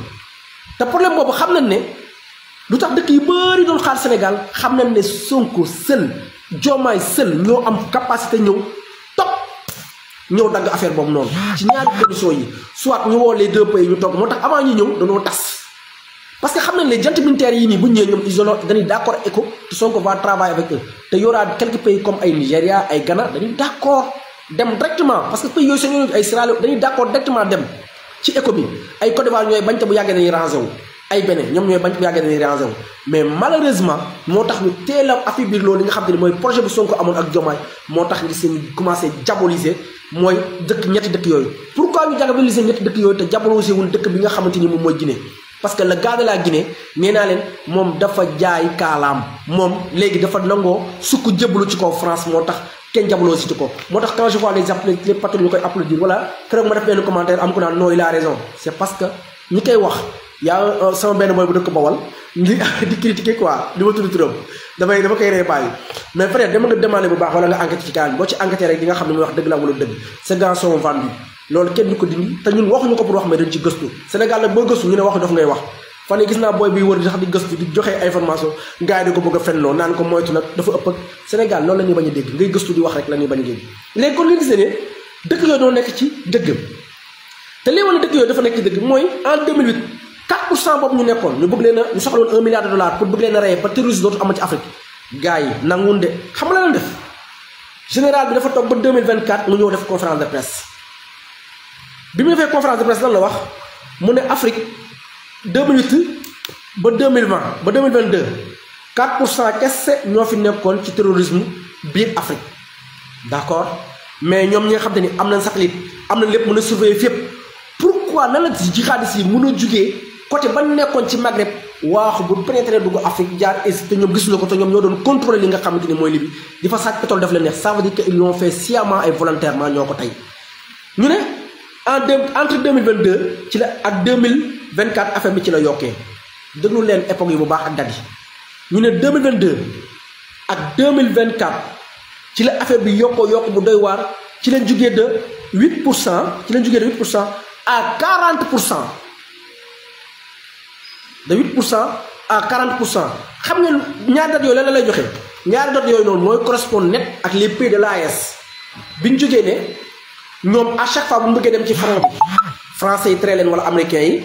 Speaker 2: te problème boobu xam nañ ne lu tax dëkk yi bëri doon xaar Sénégal xam nañ ne Sonko sël Diomaye sël ñoo am capacité ñëw topp ñëw dagg affaire boobu noonu ah. ci ñaari conditions yi soit ñu woo les deux pays ñu toog moo tax avant ñu ñëw dañoo tas parce que xam nañ ne junte militaires yi nii bu ñëwee ñoom ils ont dañuy d'accord ECO te Sonko va travailler avec te y aura quelques pays comme ay Nigéria ay Ghana dañuy d'accord dem directement parce que pays dañuy d'accord directement dem ci éco bi ay Côte d'Ivoire ñooy bañ bu yàggee dañuy rangé wu ay beneen ñoom ñooy bañ bu yàggee dañuy rangé wu mais malheureusement moo tax ñu teel a affaiblir loolu li nga xam te ne mooy projet bu Sonko amoon ak Diomaye moo tax ngi seen commencé diaboliser mooy dëkk ñetti dëkk yooyu pourquoi ñu diaboliser ñetti dëkk yooyu te diaboliser wul dëkk bi nga xamante ni moom mooy Guinée parce que le gars de la Guinée nee naa leen moom dafa jaay kaalaam moom léegi dafa nangoo sukk jëblu ci kaw France moo tax kenn jamono si ko moo tax quand je vois les apl les patrons ñu koy applaudir ma def benn commentaire am ko naan non il a raison c' est parce que ñi koy wax yaa sama benn boy bu dëkk Bawal di [laughs] di critiquer quoi li ma tudd turam damay dama koy ree bàyyi mais frère dama nga demandé bu baax wala nga enquête ci kaan boo ci enquêté rek di xam ne muy wax dëgg la wala dëgg ces gars sont loolu kenn du ko dindi te ñun waxuñu ko pour wax mais dañ fan yi gis naa booy bi wër di sax di gëstu di joxe information gars yi di ko bëgg a naan ko moytu nag dafa ëpp ak Sénégal loolu la a dégg ngay gëstu di wax rek la ñuy a dégg léegi kon nga gisee ne dëkk yooyu doo nekk dafa nekk ci mooy en 2008 4 ñu nekkoon ñu bëgg leen a ñu soxla woon 1 milliard de dollars pour bëgg leen a rey ba terroriste dootu ama ci Afrique gars yi nanguwun de xam nga la def général bi dafa toog ba 2024 mu ñëw def conférence de presse bi mu defee conférence de presse lan la wax mu ne Afrique 2008 ba 2020 ba 2022 4 pour cent kese ñoo fi nekkoon ci terrorisme biir Afrique d'accord mais ñoom ñi nga xam te ni am nañ satellite am nañ lépp mën a surveiller fépp pourquoi nan la si jihadistes yi mën a jugee côté ba nekkoon ci Maghreb waaxu bu pénétrer dugg Afrique jaar Égypte te ñoom gisuñu ko te ñoom ñoo doon contrôler li nga xamante ni mooy Libye di fa sàcc pétrole def la neex ça veut dire que ils l'ont fait sciemment et volontairement ñoo ko tey ñu ne entre 2022 ci la ak 2000 24 affaire bi ci la yokkee déglu leen époque yi bu baax ak dat yi ñu ne de ak vingt 2024 ci la affaire bi yokkoo yokk bu doy waar ci leen jugee de 8 pour cent ci leen jugee de 8 pour cent à 40 pour cent de 8 pour cent à 40 pour cent xam ngeen ñaar dat yooyu lan la lay joxe ñaari dat yooyu noonu mooy correspond net ak les pays de l'AES bi ñu jógee ne ñoom à chaque fois bu mu bëggee dem ci front bi français yi tere leen wala américains yi.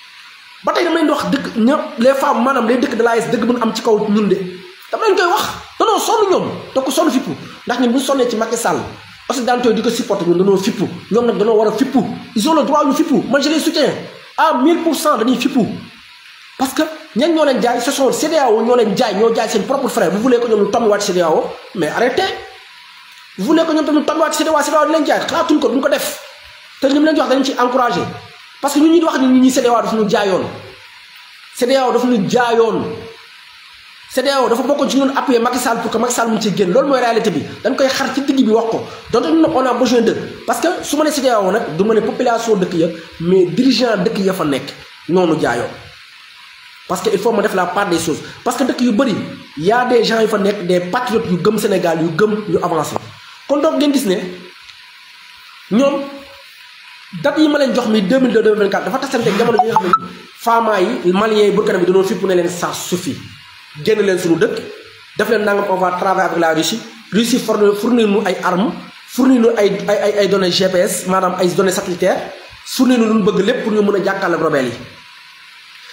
Speaker 2: ba tay les wax les femmes, les femmes manam les femmes, de femmes, les femmes, am ci kaw ñun de dama les wax femmes, les ci Macky Sall les ils ont le droit de fipu. je les soutiens à 1000 pour cent dañuy parce que les ñoo jaay ce sont les ñoo leen jaay ñoo jaay seen propre frère vous voulez que nous femmes, les mais arrêtez vous voulez que femmes, les femmes, les femmes, jaay ko ko def leen parce que ñu ñi wax ni ñun ñi CEDEAO daf ñu jaayoon CEDEAO dafa ñu jaayoon CEDEAO dafa bokkoon ci ñun appuyer Macky Sall pour que Macky Sall mu ci gën loolu mooy réalité bi dañ koy xar ci digg bi wax ko donte ñun on a besoin de parce que su ma ne CEDEAO nag du ma ne population dëkk ya mais dirigeant dëkk ya fa nekk noonu jaayoo parce que il faut ma def la part des choses parce que dëkk yu bëri y a des gens yu fa nekk des patriotes yu gëm Sénégal yu gëm yu avancé kon donc ngeen gis ne ñoom date yi ma leen jox mi 2002 2024 dafa tasante jamono bi nga xam ne faamaa yi malien yi burkina bi dañoo fipp ne leen ça suffit génn leen suñu dëkk def leen nangam on va travailler avec la Russie Russie for fournir nous ay armes fournir nous ay ay ay données GPS maanaam ay données satellitaires fournir nu lu bëgg lépp pour ñu mën a jàkkaarloo ak yi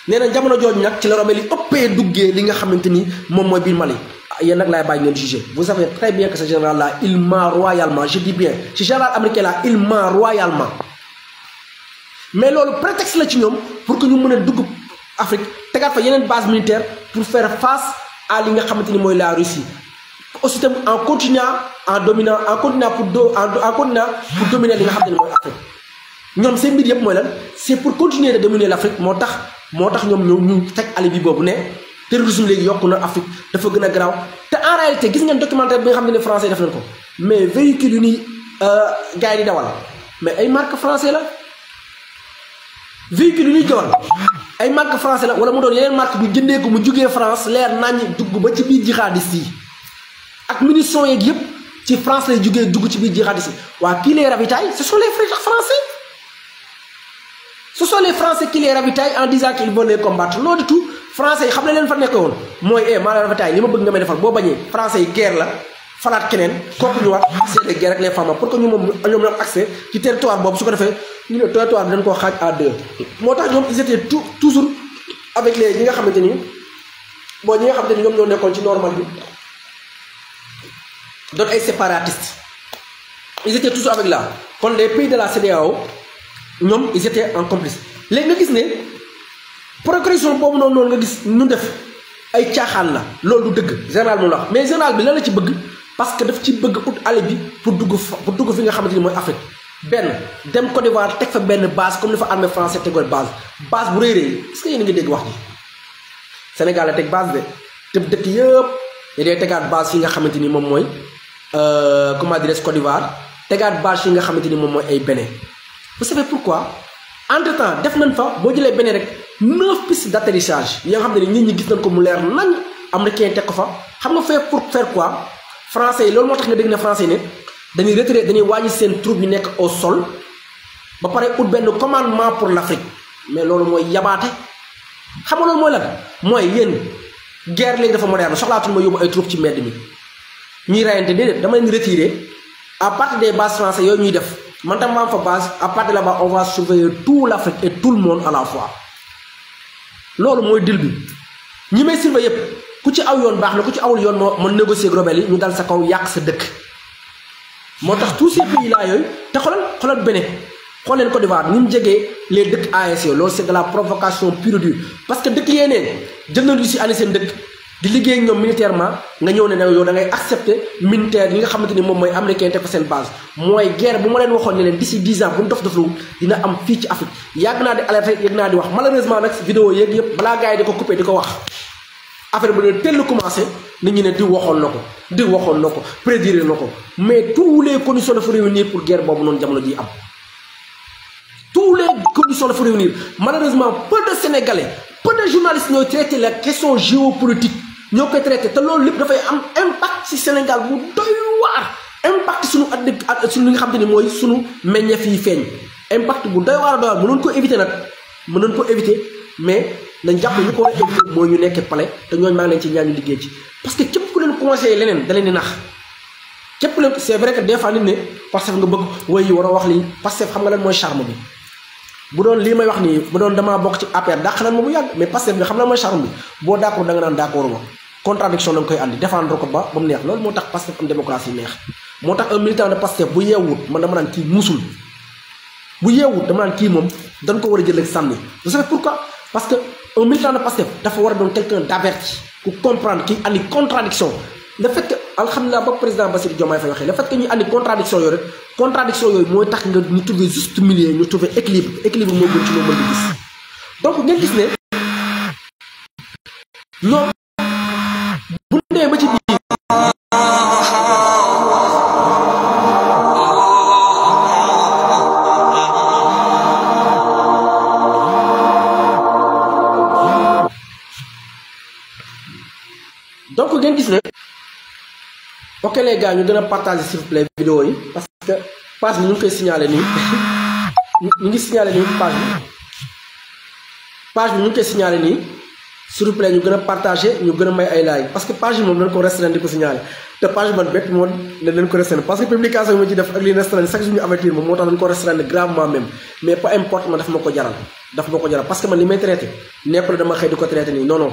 Speaker 2: nee na jamono jooju nag ci la rebelle yi ëppee duggee li nga xamante ni moom mooy biir Mali ah, yéen nag laay bàyyi ngeen jugé vous savez très bien que ce général là il ment royalement je dis bien ce général américain là il ment royalement mais loolu prétexte la ci ñoom pour que ñu mën a dugg Afrique tegaat fa yeneen base militaire pour faire face à li nga xamante ni mooy la Russie aussi tam en continuant en dominant en continuant pour do en continuant pour dominer li nga xamante ni mooy Afrique ñoom seen mbir yëpp mooy lan c'est pour continuer de dominer l'Afrique moo tax moo tax ñoom ñoom ñu teg alibi boobu ne terrorisme léegi yokku na Afrique dafa gën a garaaw te en réalité gis ngeen documentaire bi nga xam ne français def nañ ko mais véhicule yu ni euh, gars yi di dawal mais ay marque français la véhicule yu ñu joon ay marque français la wala mu doon yeneen marque ñu jëndee ko mu jugee France leer naññ dugg ba ci biir jihadiste yi ak munitions yeeg yëpp ci France lay jugee dugg ci biir jihadiste yi waa kii les ravitaille ce sont les frères français ce sont les français qui les ravitaillent en disant qu'ils vont les combattre non du tout français yi xam na leen fa nekkoon mooy eh maa la ravitaille li ma bëgg nga may defal boo bañee français yi guerre la falaat keneen kooku ñu wax c'est guerre ak les femmes pour que ñu moom ñoom ñu accès ci territoire boobu su ko defee ñu ne territoire bi dañ koo xaaj à deux moo tax ñoom ils étaient toujours avec les ñi nga xamante ni bon ñi nga xamante ni ñoom ñoo nekkoon ci normal bi doon ay séparatistes ils étaient toujours avec là kon les pays de la CDAO ñoom ils étaient en complice léegi nga gis ne progression boobu noonu noonu nga gis ñu def ay caaxaan la loolu du dëgg général moom la wax mais général bi la la ci bëgg parce que daf ci bëgg ut bi pour dugg pour dugg fi nga xamante ni mooy Afrique benn dem Côte d'Ivoire teg fa benn base comme ni fa armée française tegoon base base bu rëy rëy est-ce que yéen a ngi dégg wax ji Sénégal la teg base de te dëkk yëpp da day tegaat base fi nga xamante ni moom mooy euh, comment dire je Côte d'Ivoire tegaat base fi nga xamante ni moom mooy ay Bénin. vous savez pourquoi entre-temps def nañ fa boo jëlee Bénin rek neuf pistes d'atterrissage nga xam ne nit ñi gis nañ ko mu leer nañ américain teg ko fa xam nga faire pour faire quoi français yi loolu moo tax nga dégg na français yi ne dañuy retirer dañuy wàññi seen troupe yi nekk au sol ba pare ut benn commandement pour l'Afrique mais loolu mooy yabaate xam nga loolu mooy lan mooy yéen guerre léegi dafa moderne soxlaatul ma yóbbu ay troupe ci mbedd mi ñuy rayante déedéet dama leen retirer à partir des bases français yooyu ñuy def man tam maam fa base à partir là-bas on va surveiller tout l'Afrique et tout le monde à la fois loolu mooy dil bi ñi may surveiller yëpp ku ci aw yoon baax la ku ci awul yoon moo mën négocier rebelle yi ñu dal sa kaw yàq sa dëkk moo tax tous ces pays là yooyu te xoolal xoolal Bénin xool Côte d'Ivoire ni mu jegee les dëkk AES yooyu e, loolu c'est de la provocation pure dure parce que dëkk yeeneen jël lu si année seen dëkk di liggéey ñoom militairement nga ñëw ne ne yow da ngay accepter militaire yi nga xamante ni moom mooy américain te ko seen base mooy guerre bu ma leen waxoon ne leen d'ici 10 ans bu ñu dof doflu dina am fii ci Afrique yàgg naa di alerter yàgg naa di wax malheureusement nag vidéo yéeg yëpp balaa gars yi di ko couper di ko wax affaire bi ne teel commencé nit ñi ne di waxoon na ko di waxoon na ko prédire na ko mais tous les conditions dafa réunir pour guerre boobu noonu jamono ji am tous les conditions dafa réunir malheureusement peu de sénégalais peu de journalistes ñoo traité la question géopolitique ñoo koy traité te loolu lépp dafay am impact ci Sénégal bu doy waar impact suñu adde suñu li nga xam te mooy suñu meññeef yi feeñ impact bu doy waar a doy waar mënoon ko éviter nag mënoon ko éviter mais nañ jàpp ñu ko war mooy ñu nekk palais te ñooñu maa leen ci ñaan ñu liggéey ci parce que ku leen conseillé leneen da leen nax képp ku leen c' est vrai que nit ne Pastef nga bëgg way war a wax lii Pastef xam nga lan mooy charme bi bu doon lii may wax nii bu doon damaa bokk ci APR dàq nan ma bu yàgg mais Pastef xam lan mooy charme bi boo d' accord da nga ma contradiction da koy andi défendre ko ba ba mu neex loolu moo tax En militant de Pastef il war a doon quelqu'un d'averti pour comprendre qu'il y a des contradiction le fait que alhamdulilah ba président Bassir Diomaye Faye waxee le fait que ñuy andi contradiction yooyu contradiction c'est mooy tax nga ñu trouver juste milieu ñu trouver équilibre équilibre moo gën ci loo gis donc vous gis ne ñoom bu ñu demee ba ci ok les gars nous allons partager s'il vous plaît vidéo parce que pas bi ñu signaler signalé nous signalé page page nous ñu s'il vous plaît nous allons partager mettre like parce que page bi dañ ko restreindre ko page parce que publication bi ci def ak li chaque ñu gravement même mais pas importe je daf le parce que je li traiter. traité pas dama non non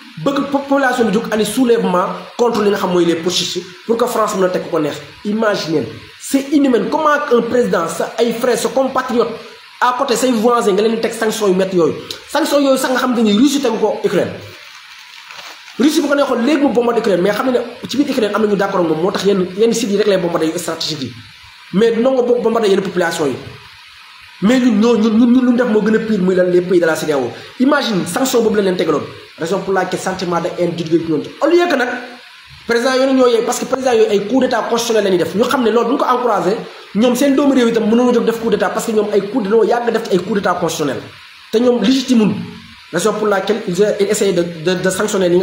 Speaker 2: bëgg population bi jóg ani soulèvement contre li nga xam mooy les putschistes pour que France mën a teg ko neex imaginez c'est inhumain comment un président sa ay frères sa compatriote à côté say voisins nga leen di teg sanction yu métti yooyu sanction yooyu sax nga xam ne Russie tegu ko Ukraine Russie bu ko neexoon léegi mu bombardé Ukraine mais xam ne ci biir Ukraine am nañu d'accord moom moo tax yenn yenn sites yi rek lay bombardé yu stratégique yi mais non nango bombardé yenn population yi mais ñun ñoo ñun ñun lu def moo gën a pire muy lan les pays de la CEDEAO imagine sanction boobu la leen tegaloon raison pour laquelle sentiment de haine di duggee ñoom au lieu nag président yooyu ñoo yee parce que président yooyu ay coup d' état constitutionnel la def ñu xam ne loolu bu ko encouragé ñoom seen doomu réew itam mënoon a jóg def coup d' état parce que ñoom ay coup dañoo yàgg def ci ay coup d' état constitutionnel te raison pour laquelle ils essayent de de sanctionner les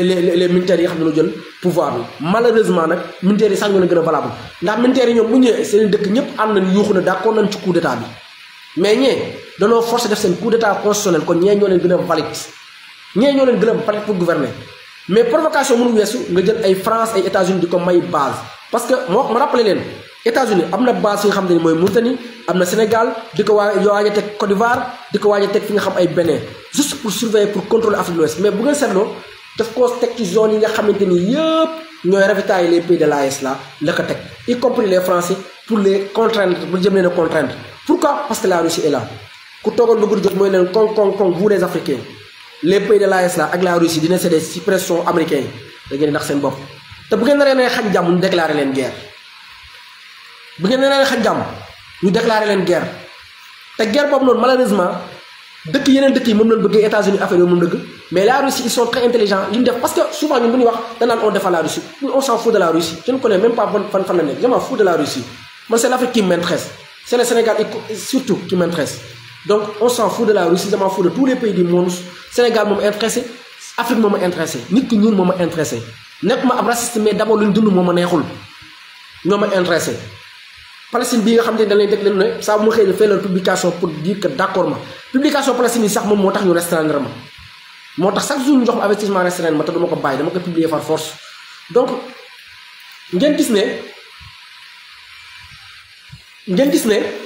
Speaker 2: les les militaires qui ont le pouvoir malheureusement les militaires ne sont pas valables. Les militaires ne sont bu valables. seen am d'accord nañ ci coup d'état bi mais ñee danoo forcé def seen coup d'état constitutionnel kon ñee ñoo leen gën a valide ñee ñoo leen pour gouverner mais provocation mënu weesu nga jël ay France les États-Unis ont ko base parce que moi je rappelle leen États-Unis amna na base yi nga xam Mauritanie amna Sénégal diko ko waa yoo waaj Côte d'Ivoire diko ko tek fi nga xam ay Bénin juste pour surveiller pour contrôler Afrique de l'Ouest mais bu ngeen seetloo daf ko tek ci zone yi nga xamante yépp ñoy ravitailler les pays de l'AES là la ko tek, y compris les Français pour les contraindre pour jëm leen a contraindre pourquoi parce que la Russie est là ku toogoon ba guddi moy leen kon kon kon vous les Africains les pays de l'AES là ak la Russie dina cédé ci pression américain da ngeen di nax seen bopp te bu ngeen naree ne xañ jamm déclarer leen guerre bu ngeen leen xañ jàmm ñu déclaré leen guerre te guerre malheureusement dëkk yeneen dëkk yi moom lañ États-Unis affaire yooyu moom la mais la Russie ils sont très intelligents ñu def parce que souvent ñun bu ñuy wax danaan on défend la Russie on s'en fout de la Russie je ne connais même pas fan fan la je m'en fous de la Russie man c'est l'Afrique qui m'intéresse c'est le Sénégal surtout qui m'intéresse donc on s'en fout de la Russie je m'en fous de tous les pays du monde Sénégal moom intéressé Afrique moom intéressé nit ki ñun moom intéressé nekk ma raciste mais d'abord lu ñu dund moom neexul intéressé Palestine bi nga xam ne dañ leen déglu ne saa bu ma xëy na fay leen publication pour dire que d' ma publication Palestine yi sax moom moo tax ñu restreindre ma moo tax chaque jour ñu jox ma avertissement restreindre ma te duma ko bàyyi dama ko publier par force donc ngeen gis ne ngeen gis ne.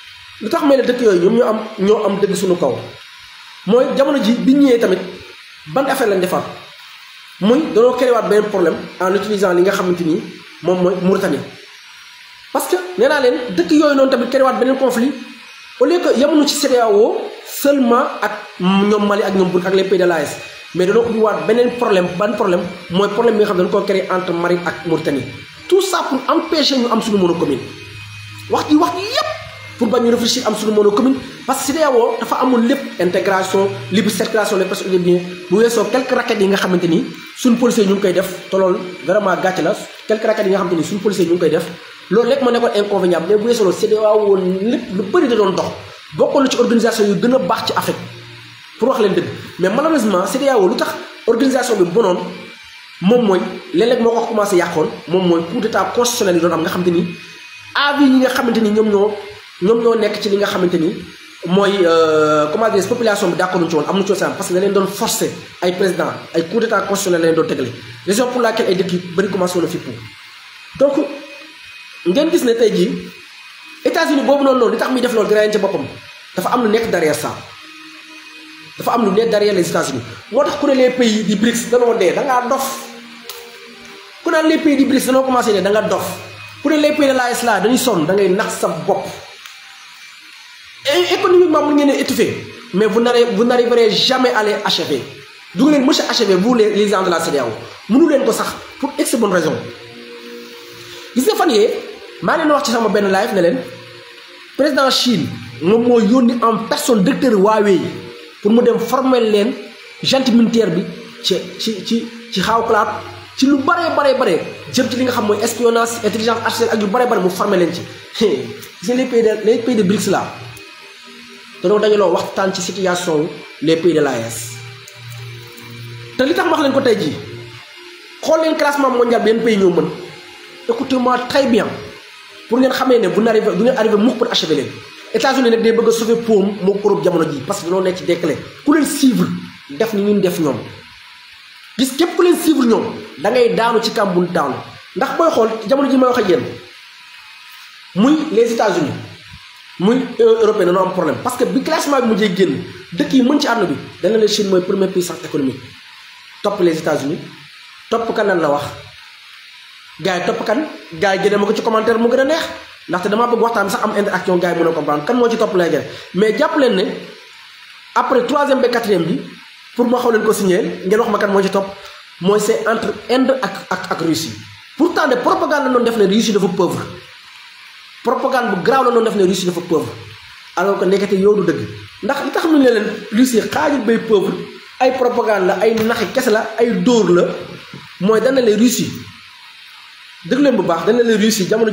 Speaker 2: lu tax may la dëkk yooyu ñoom ñoo am ñoo am dëgg suñu kaw mooy jamono ji bi ñëwee tamit ban affaire lañ defar muy dañoo créewaat beneen problème en utilisant li nga xamante ni moom mooy Mauritanie parce que nee naa leen dëkk yooyu noonu tamit créewaat beneen conflit au lieu que yemuñu ci CDAO e seulement ak ñoom Mali ak ñoom Burkina ak les pays de l'AES mais dañoo ubbiwaat beneen problème ban problème mooy problème bi nga xam ne dañu ko créé entre Mali ak Mauritanie tout ça pour empêcher ñu am suñu mono commune wax ji wax ji yépp pour bañ que CEDEAO dafa amoon lépp intégration libre circulation des personnes et des biens bu weesoo quelques raquettes yi nga xamante ni suñu policiers ñu moo nekkoon inconvénient da dox bokkoon na ci organisation yu gën baax ci Afrique pour wax leen dëgg mais malheureusement CEDEAO lu tax organisation bi moom mooy léeg-léeg moo ko commencé yàqoon moom mooy coup d'état constitutionnel yi doon am nga xamante ni avis yi nga xamante ni ñoom ñoo ñoom ñoo nekk ci li nga xamante ni mooy euh, comment dire population bi d'accord ci woon am na cosaan parce que da leen doon forcer ay président ay coup d'état constitutionnel la leen doon tegale raison pour laquelle ay dëkk yu bëri commencé woon a fippu donc ngeen gis ne tey jii États-Unis boobu noonu noonu li tax muy def loolu di rayante boppam dafa am lu nekk derrière ça dafa am lu nekk derrière les États-Unis moo tax ku ne les pays di BRICS danoo dee da ngaa dof ku naan les pays du BRICS commencé dee da nga dof ku ne les pays de l'AES dañuy da ngay nax sa bopp. Et eh, économiquement mun ngeen a étouffer mais vous n'arrivez vous n'arriverez jamais à les achever du ngeen mës a achever vous les les gens de la CEDEAO mënu leen ko sax pour x bonne raison gis nga fan yee maa leen wax ci sama benn live ne leen président Chine moom moo yónni en personne directeur Huawei pour mu dem former leen junte militaire bi ci ci ci ci xawkalaat ci lu bare bare bare jëm ci li nga xam mooy espionnage intelligence artificielle ak yu bare bare mu former leen ci c'est [laughs] les pays les pays de BRICS là dañoo dajaloo waxtaan ci situation les pays de l'AES te li tax wax leen ko tey ji xool leen classement mondial bi yenn pays ñoo mën écoutez-moi très bien pour ngeen xamee ne bu ñu bu du ngeen arrivé mukk pour achever leen États-Unis nag day bëgg a sauver poom moo jamono ji parce que dañoo nekk ci déclin ku leen suivre def ni ñun def ñoom gis képp ku leen suivre ñoom da ngay daanu ci kàmbun daanu ndax booy xool jamono ji may wax ak yéen muy les états muy euh, européen dañoo am problème parce que bi classement bi mujjee génn dëkk yi mën ci àdduna bi dañ la Chine mooy première puissance économique topp les États-Unis topp kan lan la wax gars yi topp kan gars yi génne ma ko ci commentaire mu gën a neex ndaxte dama bëgg waxtaan sax am interaction gars yi mën a comprendre kan moo ci topp lay génne mais jàpp leen ne après troisième ba quatrième bi pour ma xaw leen ko signer ngeen wax ma kan moo ci topp mooy c'est entre Inde ak ak ak Russie pourtant de propagande la doon def ne Russie dafa pauvre propagande bu grave la def Russie dafa pauvre alors que nekkati yow du dëgg ndax leen Russie bay pauvre ay propagande la ay naxi la ay dóor la mooy dana le Russie dëgg leen bu baax dana le Russie jamono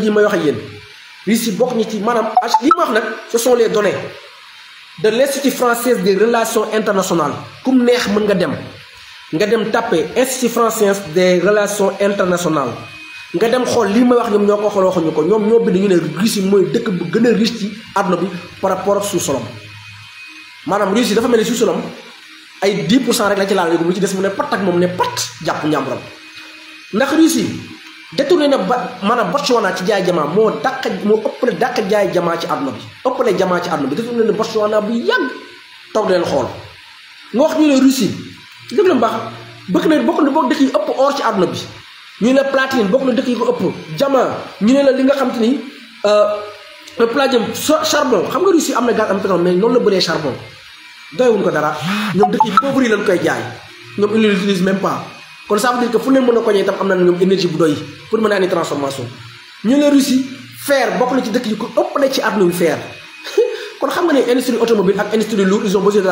Speaker 2: Russie ci ce sont les données de l'institut français des relations internationales kum neex mën nga dem nga dem taper institut français des relations internationales. nga dem xool lii may wax ñoom ñoo ko xool waxuñu ko ñoom ñoo bind ñu ne Russie mooy dëkk bu gën a riche ci àdduna bi par rapport ak sous maanaam Russie dafa mel ni Sous-Solon ay 10 pour cent rek la ci laal mu ci des mu ne pat ak moom ne pat jàpp njàmburam ndax Russie détourné na ba maanaam Botswana ci jaay jamaa moo dàq moo ëppale dàq jaay jamaa ci àdduna bi la jamaa ci àdduna bi détourné na Botswana bu yàgg toog leen xool nga wax ñu ne Russie déglu mu baax bëgg na bokk na bokk dëkk yi ëpp or bi ñu ne platine bokk na dëkk yi ko ëpp diamant ñu ne la li nga xam te ni le euh, palladium charbon xam nga Russie am na gaz am pétrole mais noonu la bëree charbon doyewuñ ko dara ñoom dëkk yi pauvre yi lañ koy jaay ñoom ils ne l'utilisent même kon ça veut dire que fu leen mën a koñee itam am na ñoom énergie bu doy pour mën a andi transformation ñu ne Russie feer bokk na ci dëkk yi ko ëpp na ci àdduna bi fer [laughs] kon xam nga ne industrie automobile ak industrie lourde ils ont besoin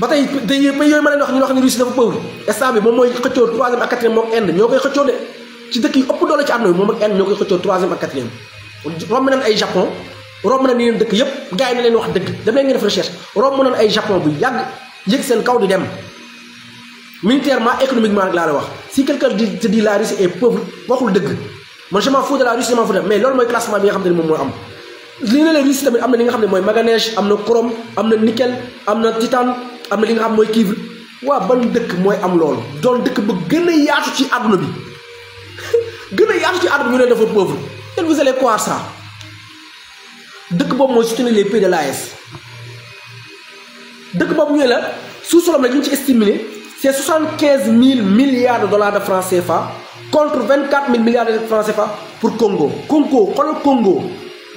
Speaker 2: batay tey dañuy yoy mané wax ñu wax ni Russie dafa pauvre instant bi mom moy mooy 3 3e ak quatrième moom Inde end ñokay xëccoo de ci dëkk yi ëpp doole ci adno mom ak end nokay koy xëccor 3e ak 4e rom nañ ay Japon rom nañ ñu dëkk yëpp gaay na leen wax dëgg dem leen ngeen def recherche rom nañ ay Japon bu yàgg yëg seen kaw di dem militairement économiquement ak la la wax si quelqu'un di te dit la Russie est pauvre waxul dëgg man je m'en fous de la Russie je m'en fous de mais lool moy classement bi nga xam ne moom moo am li na la Russie tamit am na li nga xam ne mooy manganèse am na chrome am na nickel am na titane am li nga xam mooy kiivre waa ban dëkk mooy am loolu doon dëkk ba gën a yaatu ci àdduna bi [laughs] gën a yaatu ci àdduna bi ñu ne dafa pauvre et vous allez croire ça dëkk boobu mooy soutenir les pays de l'AES dëkk boobu ñu ne la sous solom la ñu ci estimé c'est soixante quinze mille milliards de dollars de franc CFA contre vingt quatre mille milliards de franc CFA pour Congo Congo xoolal Congo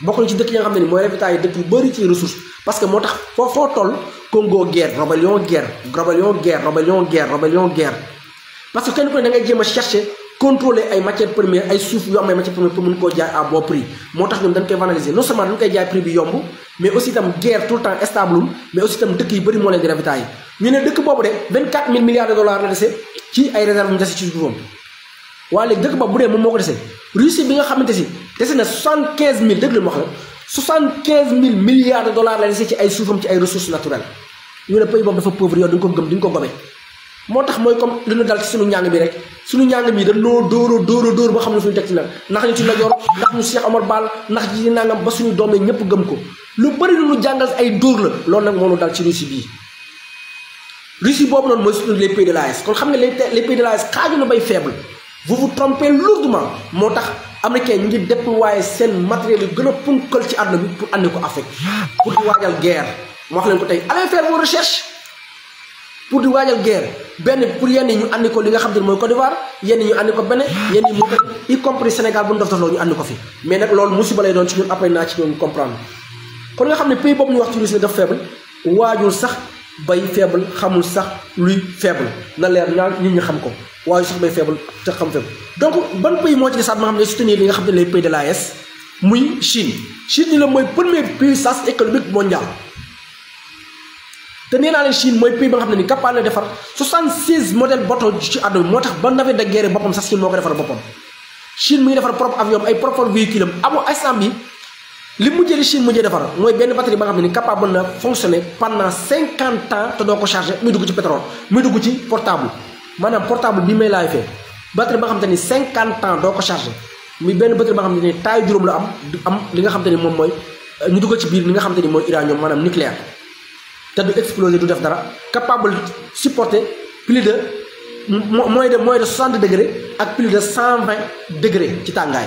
Speaker 2: bokk ci dëkk yi nga xam ne ni mooy ravitaay dëkk yu bëri ci ressource parce que moo tax foo foo toll Congo guerre rébellion guerre rébellion guerre rébellion guerre rébellion guerre parce que kenn ku ne da ngay jéem a chercher contrôler ay matières premières ay suuf yu am ay matières premières pour mën koo jaay à bon prix moo tax ñoom dañ koy analyser non seulement dañ koy jaay prix bi yomb mais aussi tam guerre tout le temps stable mais aussi tam dëkk yi bëri moo leen di ravitaay ñu ne dëkk boobu de 24 milliards de dollars la dese ci ay réserves mu dese ci suufam waaye léegi dëkk boobu bu dee moom moo ko dese Russie bi nga xamante si dese na soixante quinze mille déglu ma wax la soixante quinze mille milliards de dollars la dese ci ay suufam ci ay ressources naturelles ñu ne pays boobu dafa pauvre yow duñ ko gëm duñ ko gome moo tax mooy comme li ñu dal ci suñu njàng bi rek suñu njàng bi dañoo dóora dóora dóor ba xam ne fu ñu teg ci nag ndax ñu ci Lat ñu Cheikh Omar Baal ndax ba suñu doomee ñépp gëm ko lu bëri lu ñu jàngal ay dóor la loolu nag moom ñu dal ci Russie bii Russie boobu noonu mooy suñu les de l'AES kon xam nga les pays de l'AES bay faible vous vous trompez lourdement Motax américain ñu ngi déployer seen matériel yu gën ci àdduna bi pour andé ko Afrique pour di wajal guerre mo wax leen ko tay allez faire vos recherches pour di wajal guerre ben pour yenn ñu andé ko li nga xamné moy ne Côte d'Ivoire yenn ñu andé ko benn yenn yi moo y compris Sénégal bu ñu dof dofloo ñu andi ko fi mais nak lool musiba lay doon ci ñun après na ci ñu comprendre kon nga xamné pays boobu ñu wax ci Russie dafa faible wajul sax bay faible xamul sax luy faible na leer ñaar ñu ñu xam ko waaye sax bay faible te xam faible donc ban pays moo ci gisaat ma xam ne soutenir li nga xam ne les pays de l'AES muy Chine Chine la mooy premier puissance économique mondiale te nee naa leen ba nga xam ne ni capable na defar 76 modèle bateau ci àdduna bi moo tax ba navette de guerre boppam sax Chine moo ko defar boppam Chine mu ngi defar propre avion ay propre véhicule am amul instant bi li mujjee li Chine mujjee defar moy benn batterie ba nga xamni capable na fonctionner pendant 50 ans te doo ko muy dugg ci pétrole muy dugg ci portable manam portable bi may laay fee batterie ba nga xamni 50 ans doo ko chargé muy benn batterie ba nga xamni taay juróom la am am li nga xamni mom moy euh, ñu dugg ci biir li nga xamni moy uranium manam nucléaire te du exploser du def dara capable supporter plus de moins de moins de 60 degrés ak plus de 120 degrés ci tangay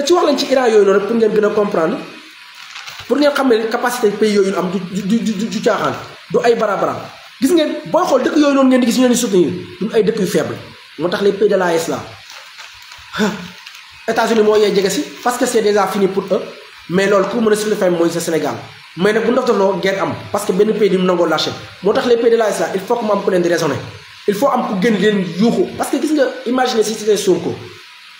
Speaker 2: te ci wax lañ ci Iran yooyu noonu rek pour ngeen gën a comprendre pour ngeen xam ne capacité pays yooyu am du du du du caaxaan du ay barabara gis ngeen booy xool dëkk yooyu noonu ngeen di gis ñu leen soutenir du ay dëkk yu faible moo tax les pays de l'AES là États-Unis moo yee jege si parce que c'est déjà fini pour eux mais loolu ku mën a simplifier mooy sa Sénégal mais nag bu ndox daf loo guerre am parce que benn pays di mu nangoo lâché moo tax les pays de l'AES là il faut que mu am ku leen di raisonner il faut am ku gën leen yuuxu parce que gis nga imaginer si c'était Sonko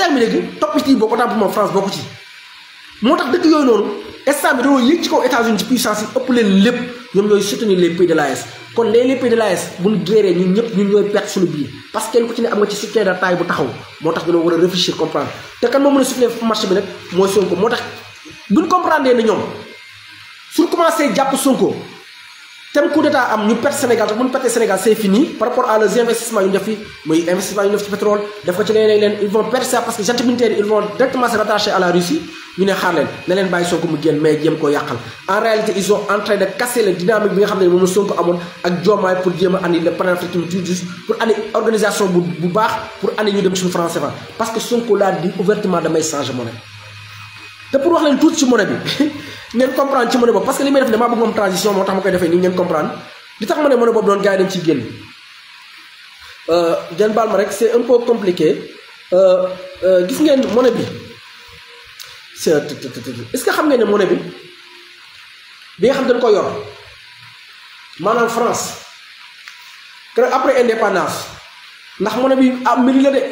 Speaker 2: islam bi léegi topp ci boobu autant pour moi France bokku ci moo tax dëkk yooyu noonu instant bi dañoo lépp de l'AES kon léegi les de l'AES bu ñu géré ñun ñëpp ñun ñooy perte suñu biir parce que kenn ku ci ne am nga ci soutien de taille bu taxaw moo tax dañoo war a réfléchir comprendre te kan moo mën a soutenir marché bi nag mooy Sonko moo tax buñ comprendre ne ñoom suñ commencé jàpp Sonko thème coup d'état am ñu perte Sénégal te bu ñu perte Sénégal c'est fini par rapport à les investissements yu ñu def fi muy investissement yu ñu def ci pétrole def ko ci leneen leen ils vont perdre ça parce que junte militaire ils vont directement se rattacher à la Russie ñu ne xaar leen ne leen bàyyi Sonko mu génn mais jëm ko yàqal en réalité ils sont en train de casser la dynamique bi nga xam ne moom la Sonko amoon ak Diomaye pour jéem a andi le panafricanisme tout pour andi organisation bu bu baax pour andi ñu dem suñu franc CFA parce que Sonko laa di ouvertement damay changer monnaie te pour wax leen tuuti ci monnaie bi [laughs] ngeen comprendre ci monnaie boobu parce que li may def ne maa bëgg moom transition moo tax ma koy defee nii ngeen comprendre li tax ma boobu doon gars yi dañ ciy génn jën euh, baal rek c'est un peu compliqué euh, euh, gis ngeen monnaie bi c'est est-ce que xam ngeen ne monnaie bi bi nga xam dañ ko yor maanaam France keroog après indépendance ndax monnaie bi am mbiri la de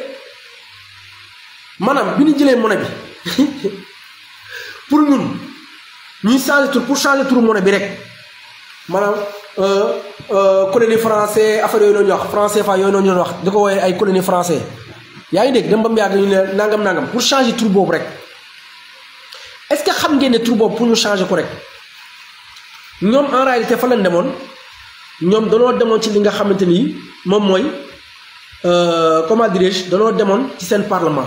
Speaker 2: maanaam bi ñu jëlee monnaie bi [laughs] pour nous ñuy changer tur pour changer turu monnaie bi rek euh euh colonie français affaire yooyu ñu wax français fa yooyu noonu ñu wax diko ko ay colonie français yaa ngi deg dem ba mu yàgg ñu ne nangam nangam pour changer tur bobu rek est-ce que xam ngeen ne tur boobu pour ñu changer ko rek ñom en réalité fa lañ demoon ñoom danoo demone ci li nga xamanteni mom moy euh comment dirais-je danoo demone ci sen parlement.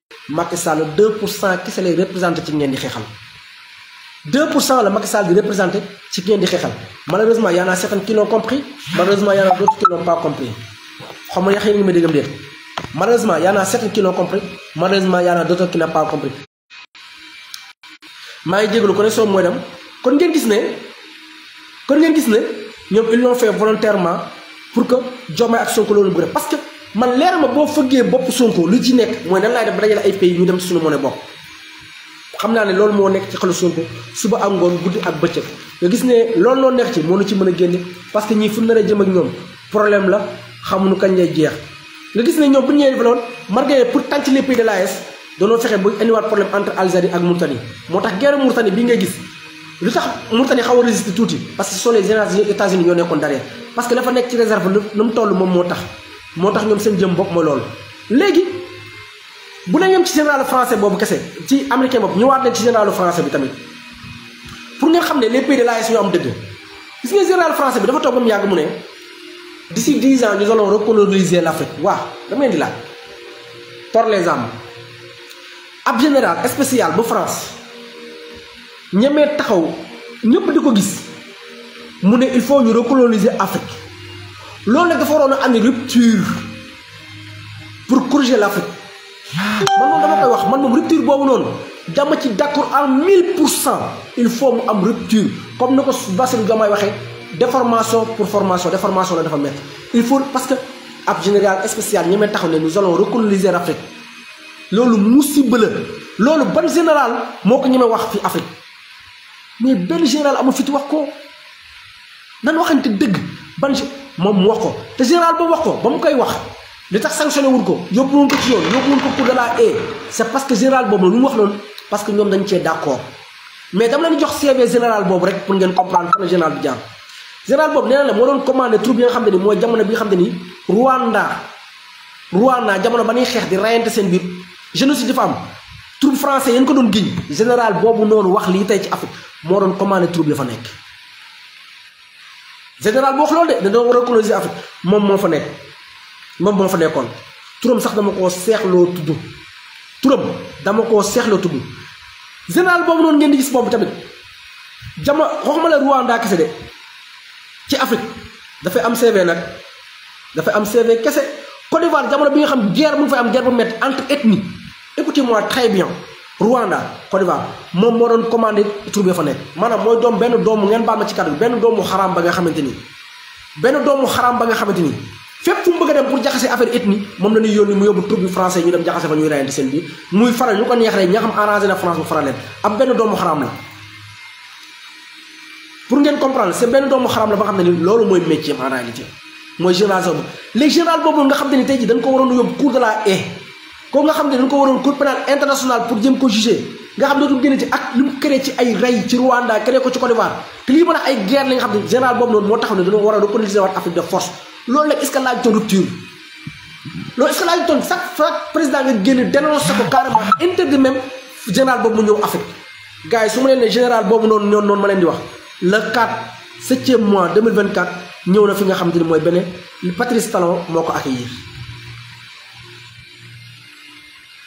Speaker 2: Macky Sall 2 qui cent kese représenté ci ngeen di xéxal 2 pour cent la Macky Sall di représenté ci di malheureusement y en a certains qui l'ont compris malheureusement il y en a d'autres qui l'ont pas compris xam nga sais pas ma déggam déet malheureusement il y en a certains qui l'ont compris malheureusement il y en a d'autres qui n'ont pas compris. Je ngi vous connexion moy dam kon ngeen gis ne kon ngeen gis ne ñom ils l'ont fait volontairement pour que Diomaye ak Sonko loolu parce que. man leer ma boo fëggee bopp Sonko lu ci nekk mooy nan laay def ba dajale ay pays ñu dem suñu mën xam naa ne loolu moo nekk ci xelu Sonko suba ak ngoon ak bëccëg nga gis ne loolu loo neex ci moo nu ci mën a génne parce que ñii fu nar a jëm ak ñoom problème la xamuñu kañ lay jeex nga gis ne ñoom bu ñu ñëwee defaloon malgré pour tànc les pays de l'AES doonoo fexe ba indiwaat problème entre moo tax guerre Mauritanie bii gis lu tax Mauritanie xaw a résister tuuti parce que ce nekk ci réserve toll moom moo tax moo tax ñoom seen jëm bopp mooy loolu. léegi bu ne ñoom ci général français boobu kese ci américain boobu ñëwaat leen ci général français bi tamit pour ngeen xam ne les pays de l'AES ñoo am dëgg gis nga général français bi dafa toog ba mu yàgg mu ne d'ici dix ans nous allons recoloniser l'Afrique waaw dama leen di laaj par les armes ab général spécial bu France ñemee taxaw ñëpp di ko gis mu ne il faut ñu recoloniser Afrique. loolu nag dafa waroon a am rupture pour corriger l'Afrique man moom dama koy wax man moom rupture boobu noonu dama ci d'accord en mille pour cent il faut mu am rupture comme na ko Bassirou Diomaye waxee déformation pour formation déformation la dafa métti il faut parce que ab général spécial ñi may taxaw ne nous allons recoloniser l'Afrique loolu musiba la loolu ban général moo ko ñemee wax fi Afrique mais benn général amul fit wax ko nan waxante dëgg ban mom wax ko te général ba wax ko bam koy wax li tax sanctionné wul ko yobul woon ko ci yoon yobul woon ko pour de la haie c'est parce que général boobu lu wax noonu parce que ñom dañ ci d'accord mais dam leen jox CV général boobu rek pour ngeen comprendre kan général bi jaar général boobu nee na la moo doon commandé troupe yi nga xam ne ni mooy jamono bi nga xam ni Rwanda Rwanda jamono ba ñuy xeex di rayante seen biir génocide dafa am troupe français yeen ko doon giñ général boobu non wax li tay ci Afrique mo doon commander troupe ya fa nekk général bo reconnaître l'Afrique. de ne doo recoloniser Afrique mom mo fa nek mom mo fa nekkoon turum sax dama ko seexloo je turum dama ko seexloo tudd général bobu Je ngeen di gis bobu tamit jama xoxuma la Rwanda de ci Afrique am CV Je am CV Côte d'Ivoire jamono bi nga xam guerre mu am guerre bu entre ethnie écoutez-moi très bien Rwanda Côte d'Ivoire moom moo doon commandé tur bi fa nekk mooy doom benn doomu ngeen baal ma ci kàddu benn doomu xaraam ba nga xamante ni benn doomu xaraam ba nga xamante ni fépp fu mu bëgg a dem pour jaxase affaire ethnie moom la ñuy yónni mu yóbbu tur bi français ñu dem jaxase fa ñuy rayante seen biir muy faral ñu ko neex rek ñi xam arrangé na France bu faral leen benn doomu xaraam la pour ngeen comprendre c'est benn doomu xaraam la ba xam ne ni loolu mooy métier en réalité mooy général sax boobu nga xam ne tey ji dañ ko waroon yóbbu cour kooku nga xam ne dañ ko waroon cour pénal international pour jëm ko jugé nga xam ne dootul génne ci ak li mu ci ay rey ci Rwanda créé ko ci Côte d'Ivoire a ay guerre la nga xam ne général boobu noonu moo taxaw ne dañoo war a reconnaître waat Afrique de force loolu nag est-ce que laajutoon rupture loolu est-ce que laajutoon président nga génn dénoncé ko carrément interdit même boobu mu ñëw Afrique gars yi su ma leen ne général boobu noonu ñoon noonu ma leen di wax le 4 septième mois 2024 ñëw na fi nga xam ne mooy benn Patrice Talon moo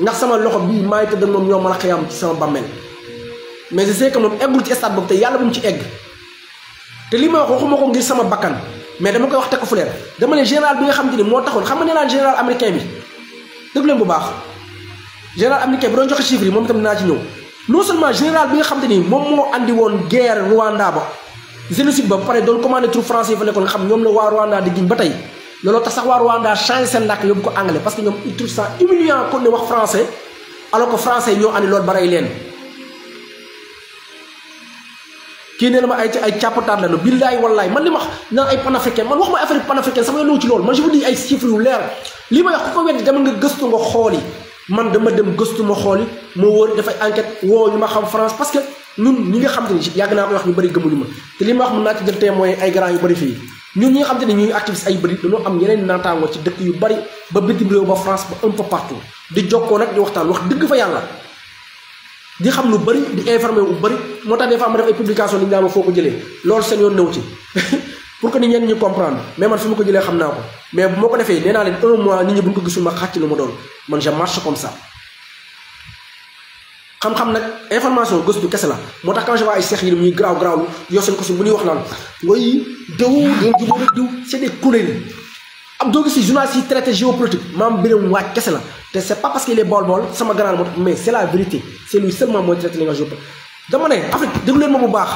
Speaker 2: ndax sama loxo bii maay tëdd moom ñoo mën a xëyam ci sama bàmmeel mais je sais que moom eggul ci stade boobu te yàlla bu mu ci egg te li ma wax waxuma ko ngir sama bakkan mais dama koy wax te ko fu leer dama ne général bi nga xam te ni moo taxoon xam nga nee naan général américain bi déglu leen bu baax général américain bi doon joxe chiffres yi moom itam naa ci ñëw non seulement général bi nga xam te ni moom moo andi woon guerre Rwanda ba génocide ba pare doon commandé troupe ñoom la waa Rwanda di giñ ba tey looloo tax sax waa Rwanda changé seen làkk yóbbu ko anglais parce que ñoom ils trouvent ça humiliant kon ne wax français alors que français ñoo andi loolu baray rey leen. kii nee na ma ay ay càppataat lañu billaay wallaay man li ma wax naan ay panafricain man wax ma affaire panafricain sama yoon ci loolu man je vous dis ay chiffres yu leer li may wax ku ko weddi dama nga gëstu nga xool yi man dama dem gëstu ma xool yi ma wóor dafay enquête woo ñu ma xam France parce que ñun ñi nga xam te ni yàgg naa koy wax ñu bëri gëmuñu ma te li ma wax mën naa ci jël témoin ay grand yu bëri fii. ñun ñi xamanteni ñuy activiste ay bari dañu am yeneen naataango ci dëkk yu bari ba bitim réew ba France ba un peu partout di jokkoo nag di waxtaan wax dëgg fa yàlla di xam lu bari di informer wu bari moo tax des fois ma def ay publication li ñaan foo ko jëlee loolu seen yoon new ci [laughs] pour que ni ñen ñu comprendre mais man fi ma ko jëlee xam naa ko mais bu ma ko defee nee naa leen un mois nit ñi buñ ko gisul ma xàcc lu ma doon man je marche comme ça xam-xam nag information gëstu kese la moo tax quand je vois ay seex yi ñuy garaaw garaawlu yor seen ko si bu ñuy wax naan way diw dina jubóo rek diw c'est des conneries am doo gis si journaliste yi traité géopolitique maam Birame Wathie kese la te c'est pas parce qu'il est bool-bool sama ganaar moo tax mais c'est la vérité c'est lui seulement mooy traité li géopolitique dama ne Afrique déglu leen ma bu baax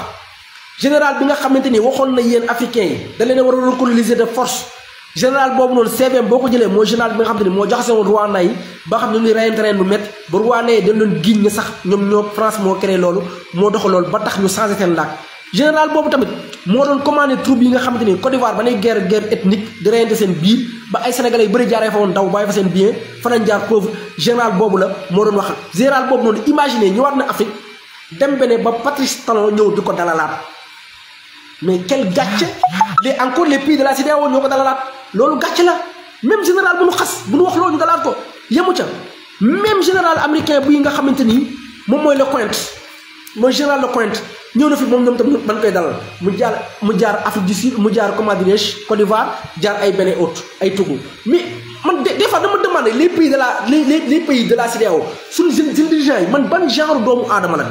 Speaker 2: général bi nga xamante ni waxoon na yéen africains yi da leen a war a recoloniser de force général boobu noonu CVM boo ko jëlee mooy général bi nga xam ni moo jaxase woon Rwanda yi ba xam ne ñu rayante reen bu métti ba Rwanda yi dañ doon giñ ne sax ñoom ñoo France moo créé loolu moo doxal loolu ba tax ñu changé seen làkk général boobu tamit moo doon commandé troupe yi nga xam ni Côte d'Ivoire ba nay guerre guerre ethnique di reyante seen biir ba ay sénégalais yu bëri jaaree fa woon daw bàyyi fa seen bien fa lañ général boobu la moo doon wax général boobu noonu imaginer ñëwaat na Afrique dem bene ba Patrice Talon ñëw di ko dalalaat mais quel gàcce les encore les pays de la CEDEAO lolu gatch la même général bu nu xas bu nu wax loolu ñu dalaat ko yemu ca même général américain bu yi nga xamanteni mom moy le Lecointe mooy général le Lecointe ñëw na fi mom ñom tam ban koy dal mu jaar mu jaar Afrique du Sud mu jaar comment dirais Côte d'Ivoire jaar ay beneen hôte ay Togo mais man des fois dama demandé les pays de la les les pays de la CEDEAO suñu seen seen dirigeants man ban genre doomu aadama la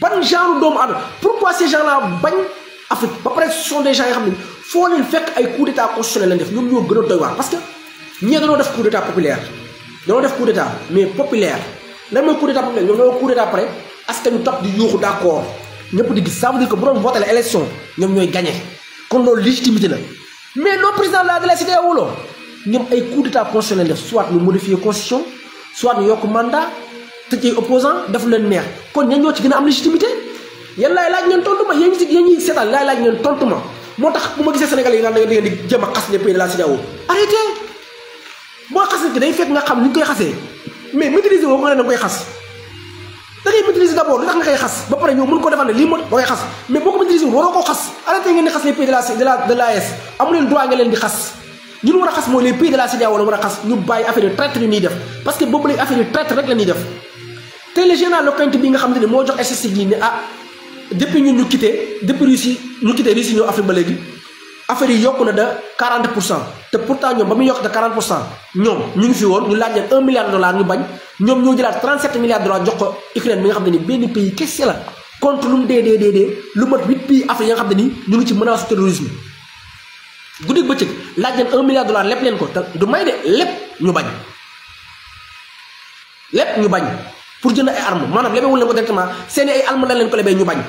Speaker 2: ban genre doomu aadama pourquoi ces gens là bañ Afrique ba pare ce sont des gens yi xamni foo leen fekk ay coup d'état constitutionnel lañ def ñoom ñoo gën a doy waar parce que ñee danoo def coup d'état populaire danoo def coup d'état mais populaire lan mooy coup d'état populaire ñoom ñoo coup d'état pare askanu topp di yuuxu d'accord ñëpp di gis ça veut dire que bu doon voté la élection ñoom ñooy gagné kon loolu légitimité la mais non président de la de la CEDEAO ñoom ay coup d'état constitutionnel def soit ñu modifier constitution soit ñu yokk mandat te ci opposant def leen neex kon ñan ñoo ci gën a am légitimité yan laay laaj ngeen tontu ma yéen ñi si yéen ñi seetaan laay laaj ngeen tontu ma motax buma bu gisee sénégalais yi nga di jéem a xas les pays de la arrêté bo xas ci day fekk nga xam ni ñu koy xasee mais maîtriser wo nga ne koy xas da ngay maîtriser d'abord abord ndax nga koy xas ba paré ñoo mën ko defal li mo moo koy xas mais boko maîtriser waroo koo xas arrêté ngeen di xas les pays de la de la de la l'AES amu leen droit nga leen di xas ñu wara a mo les pays de la CEDEAO wala wara a ñu bàyyi affaire de traite ni def parce que boobu lay affaire de traite rek la ni def té le général localité bi nga xam mo jox ssc ni ah depuis nous ñu quitté depuis Russie ñu quitté Russie ñu affaire ba légui affaire yi yokku na de 40 pourtant ñom ba muy 40 ñom avons ñu ngi woon ñu laaj 1 milliard de dollars ñu bañ ñom ñoo 37 milliards de dollars jox ko Ukraine bi nga xam ni benn pays kese la contre lu mu dee dee dee lu mat 8 pays affaire yi nga xam ne ñu ngi ci menace terrorisme guddeeg bëccëg laaj 1 milliard de dollars Nous leen ko te du may de lepp ñu bañ lepp ñu bañ. pour jënd ay armes maanaam lebewul leen ko directement seen ay arme lañ leen ko lebee ñu bañ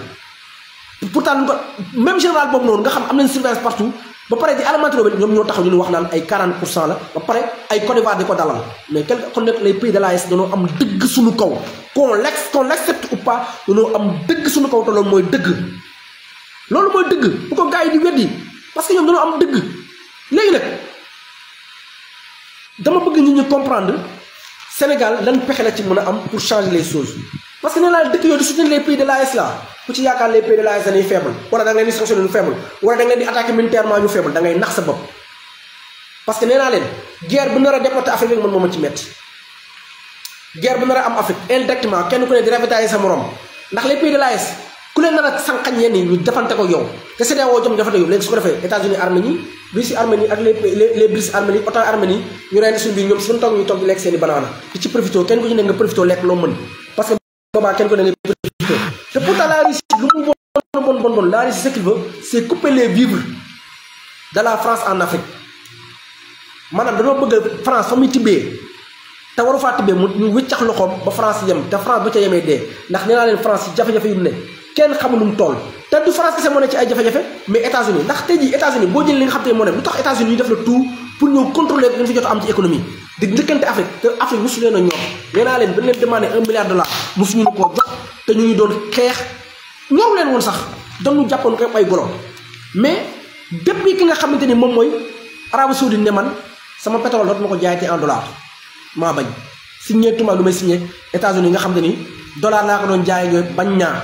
Speaker 2: pourtant même général boobu non nga xam am nañ surveillance partout ba paré di alamatro loolu ñom ñoo taxaw ñu wax naan ay 40 la ba paré ay Côte d'Ivoire di dalal mais quelque kon nek les pays de l'AES dañu am deug suñu kaw qu'on l'ex qu'on l'accepte ou pas dañu am deug suñu kaw te lool moy deug lool moy deug bu ko gaay di wéddi parce que ñom dañu am deug légui nak dama bëgg ñu ñu comprendre Sénégal lan pexe la ci mën a am pour changer les choses parce que nee dëkk yooyu di soutenir les de l'AES la ku ci yaakaar les de l'AES dañuy faible wala da leen di sanctionner ñu faible wala da nga leen di attaquer ñu faible da nax sa bopp parce que nee leen guerre bu nar a Afrique rek man mooma ci metti guerre bu nar am Afrique indirectement kenn ku ne di rafetaayi sa morom ndax les pays de l'AES ku leen nar a sànqañ yenn yi defante ko yow te CEDEAO jom defante yow léegi su ko defee États-Unis Arménie Russie Arménie ak les les bris Arménie OTAN Arménie ñu reyante suñu biir ñoom suñu toog ñu tok di lekk seen i banaana di ci profito kenn ko ñu ne nga profito lekk lo mën parce que boobaa kenn ko ne profito profité te pourtant la Russie lu mu bon bon bon bon la Russie ce qu'il veut c'est couper les vivres de la France en Afrique manam dañu bëgg France fa muy tibbee te waru faa tibbee mu ñu wëccax loxom ba France yëm te France bu ca yemee dé ndax nee len France yi jafe-jafe yu né kenn xamul nu mu toll te du France kese moo ci ay jafe-jafe mais États-Unis ndax tey jii États-Unis boo jël li nga xam te moo ne lu tax États-Unis ñu def la tout pour ñëw contrôler li nga fi jot am ci économie di njëkkante Afrique te Afrique a ñu koo jox te ñu ngi doon xeex ñoow leen woon sax dañu jàppoon ko ay golo mais ki nga xamante ni moom mooy Arabie Saoudite ne man sama pétrole dootuma ko jaayatee en dollar maa bañ signé tuma lu may signé États-Unis nga xam te ni dollar laa ko doon jaay yooyu bañ naa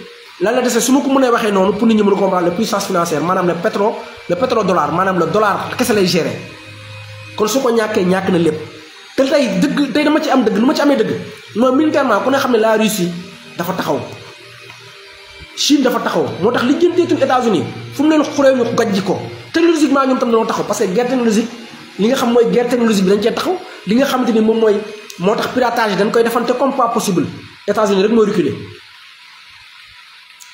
Speaker 2: lan la dese su ma ko mënee waxee noonu pour nit ñi mën comprendre la puissance financière maanaam le pétro le pétro dollar maanaam le dollar kese lay gérer kon su ko ñàkkee ñàkk na lépp te tey dëgg tey dama ci am dëgg lu ma ci amee dëgg non militairement ku ne xam ne la Russie dafa taxaw Chine dafa taxaw moo tax li jënteetul États-Unis fu mu leen xuree ñu gajji ko logiquement ñoom tam dañoo taxaw parce que guerre technologique li nga xam mooy guerre technologique bi dañ cee taxaw li nga xamante ni moom mooy moo tax piratage dañ koy defante comme pas possible États-Unis rek mooy reculer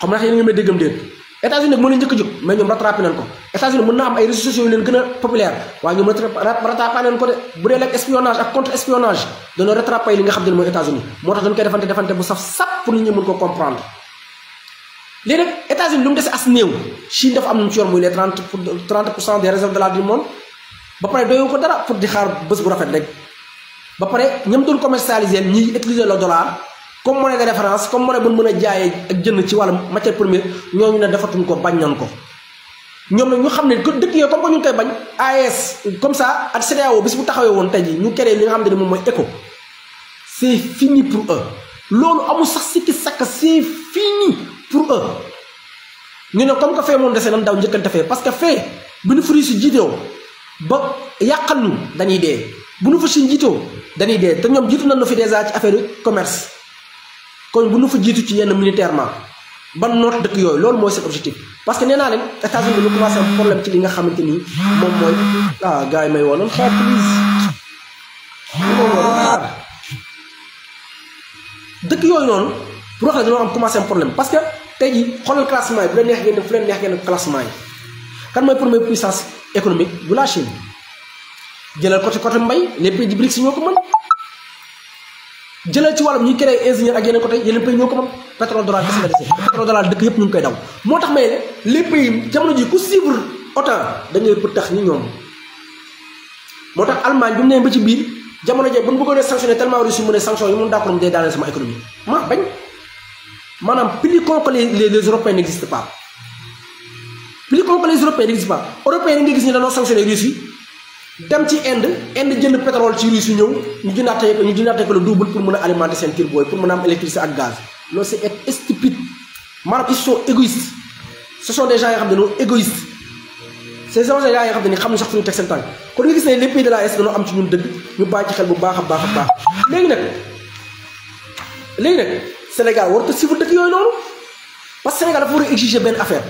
Speaker 2: xam ndax yéen ngi may déggam déet États-Unis nag moo leen njëkk a jóg ñoom rattrapé nañ ko États-Unis mën naa am ay réseaux sociaux yu leen gën a populaire waaye ñoom rattrapé nañ ko de bu dee lekk espionnage ak contre espionnage dañoo rattrapé li nga xam ne mooy États-Unis moo tax dañ koy defante defante bu saf sap pour nit ñi mën ko comprendre léegi nag États-Unis lu mu dese as néew Chine dafa am lu mu ci yor muy les 30 pour cent de la du comme monnaie de référence comme monnaie bu mën jaay ak jënd ci wàllum matière première ñoo ñu ne defatuñ ko bañ ko ñoom ñu xam ne ko dëkk yooyu comme que ñu ngi koy bañ AES comme ça ak CDAO bis bu taxawé woon tay ji ñu créé li nga xam ne moom mooy ECO c'est fini pour eux loolu amu sax ci sikki sakk c'est fini pour eux ñu ne comme ko fee moom desee nam daw njëkkante fee parce que fee bu ñu furi si jiitewoo ba yàqal ñu dañuy dé bu ñu fa si jiitewoo dañuy dé té ñoom jitu nañu fi déjà ci affaire commerce kon bu nu fa jitu ci yenn militairement ban note dëkk yooyu loolu mooy seen objectif parce que nee naa leen états-unis ñu commencé am problème ci li nga xamante ni moom mooy ah gars yi may woonoon xaar please moom mooy xaar ah. dëkk yooyu noonu pour wax la dañoo am commencé am problème parce que tey ji xoolal classement yi bu leen neex ngeen fu leen neex ngeen classement yi kan mooy première puissance économique bu la Chine jëlal côté côté mbay les pays du BRICS ñoo ko mën jëlal ci wàllum ñuy kere ingénieur ak yeneen côté yeneen pays ñoo ko moom pétrole dollar kese la dese pétrole dollar dëkk yëpp ñu ngi koy daw moo tax ma ne les pays jamono ji ku suivre OTAN da ngay pour tax ñi ñoom moo tax Allemagne bi mu nee ba ci biir jamono jee bu ñu bëggoon a sanctionné tellement Russie mu ne sanction yi mun d'accord mu day daaneel sama économie ma bañ maanaam plus con que les les européens n'existent pas plus con que les européens n'existent pas dem ci Inde Inde jënd pétrole ci su ñëw ñu jëndaatee ko ñu jëndaatee ko le double pour mën a alimenter seen turbo yi pour mën a am électricité ak gaz loolu c'est être stupide maanaam ils sont égoïstes xam ne dañoo égoïstes ces gens là yoo xam sax fu ñu teg seen tànk kon nga gis ne les am ci ñun dëgg ñu bàyyi ci bu baax a baax a baax léegi nag léegi nag Sénégal dëkk yooyu noonu parce que Sénégal dafa war a exiger benn affaire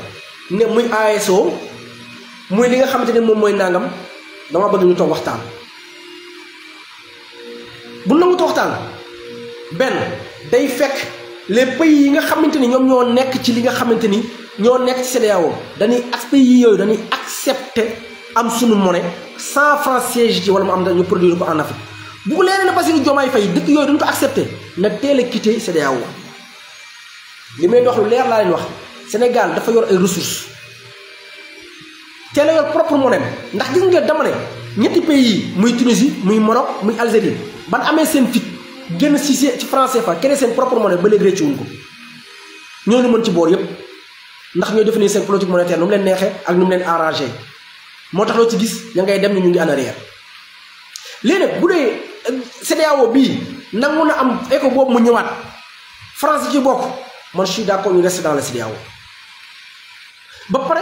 Speaker 2: ne muy AESO muy li nga xamante ne moom mooy nangam. dama bëgg ñu toog waxtaan bu nangut waxtaan benn day fekk les pays yi nga xamante ni ñoom ñoo nekk ci li nga xamante ni ñoo nekk ci CEDEAO dañuy aspect yi yooyu dañuy accepter am sunu monnaie cent francs siège ci wala mu am da ñu produire ko en Afrique bu ko leeree ne Bassirou Diomaye Faye dëkk yooyu dañu ko accepter na teel a quitter CEDEAO li may dox lu leer laa leen wax Sénégal dafa yor ay ressources teel a yor propre monnaie ndax gis nga dama ne ñetti pays yi muy Tunisie muy Maroc muy Algérie ban amee seen fit génn si ci franc fa créé seen propre monnaie ba léegi réccuwuñ ñoo ñooñu mën ci boor yépp ndax ñoo def définir seen politique monétaire nu mu leen neexee ak nu mu leen arrangé moo tax loo ci gis ya ngay dem ni ñu ngi en arrière léegi nag bu dee euh, CEDEAO bii nangu na am éco boobu mu ñëwaat France ci bokk man je suis d'accord ñu reste dans la CEDEAO ba pare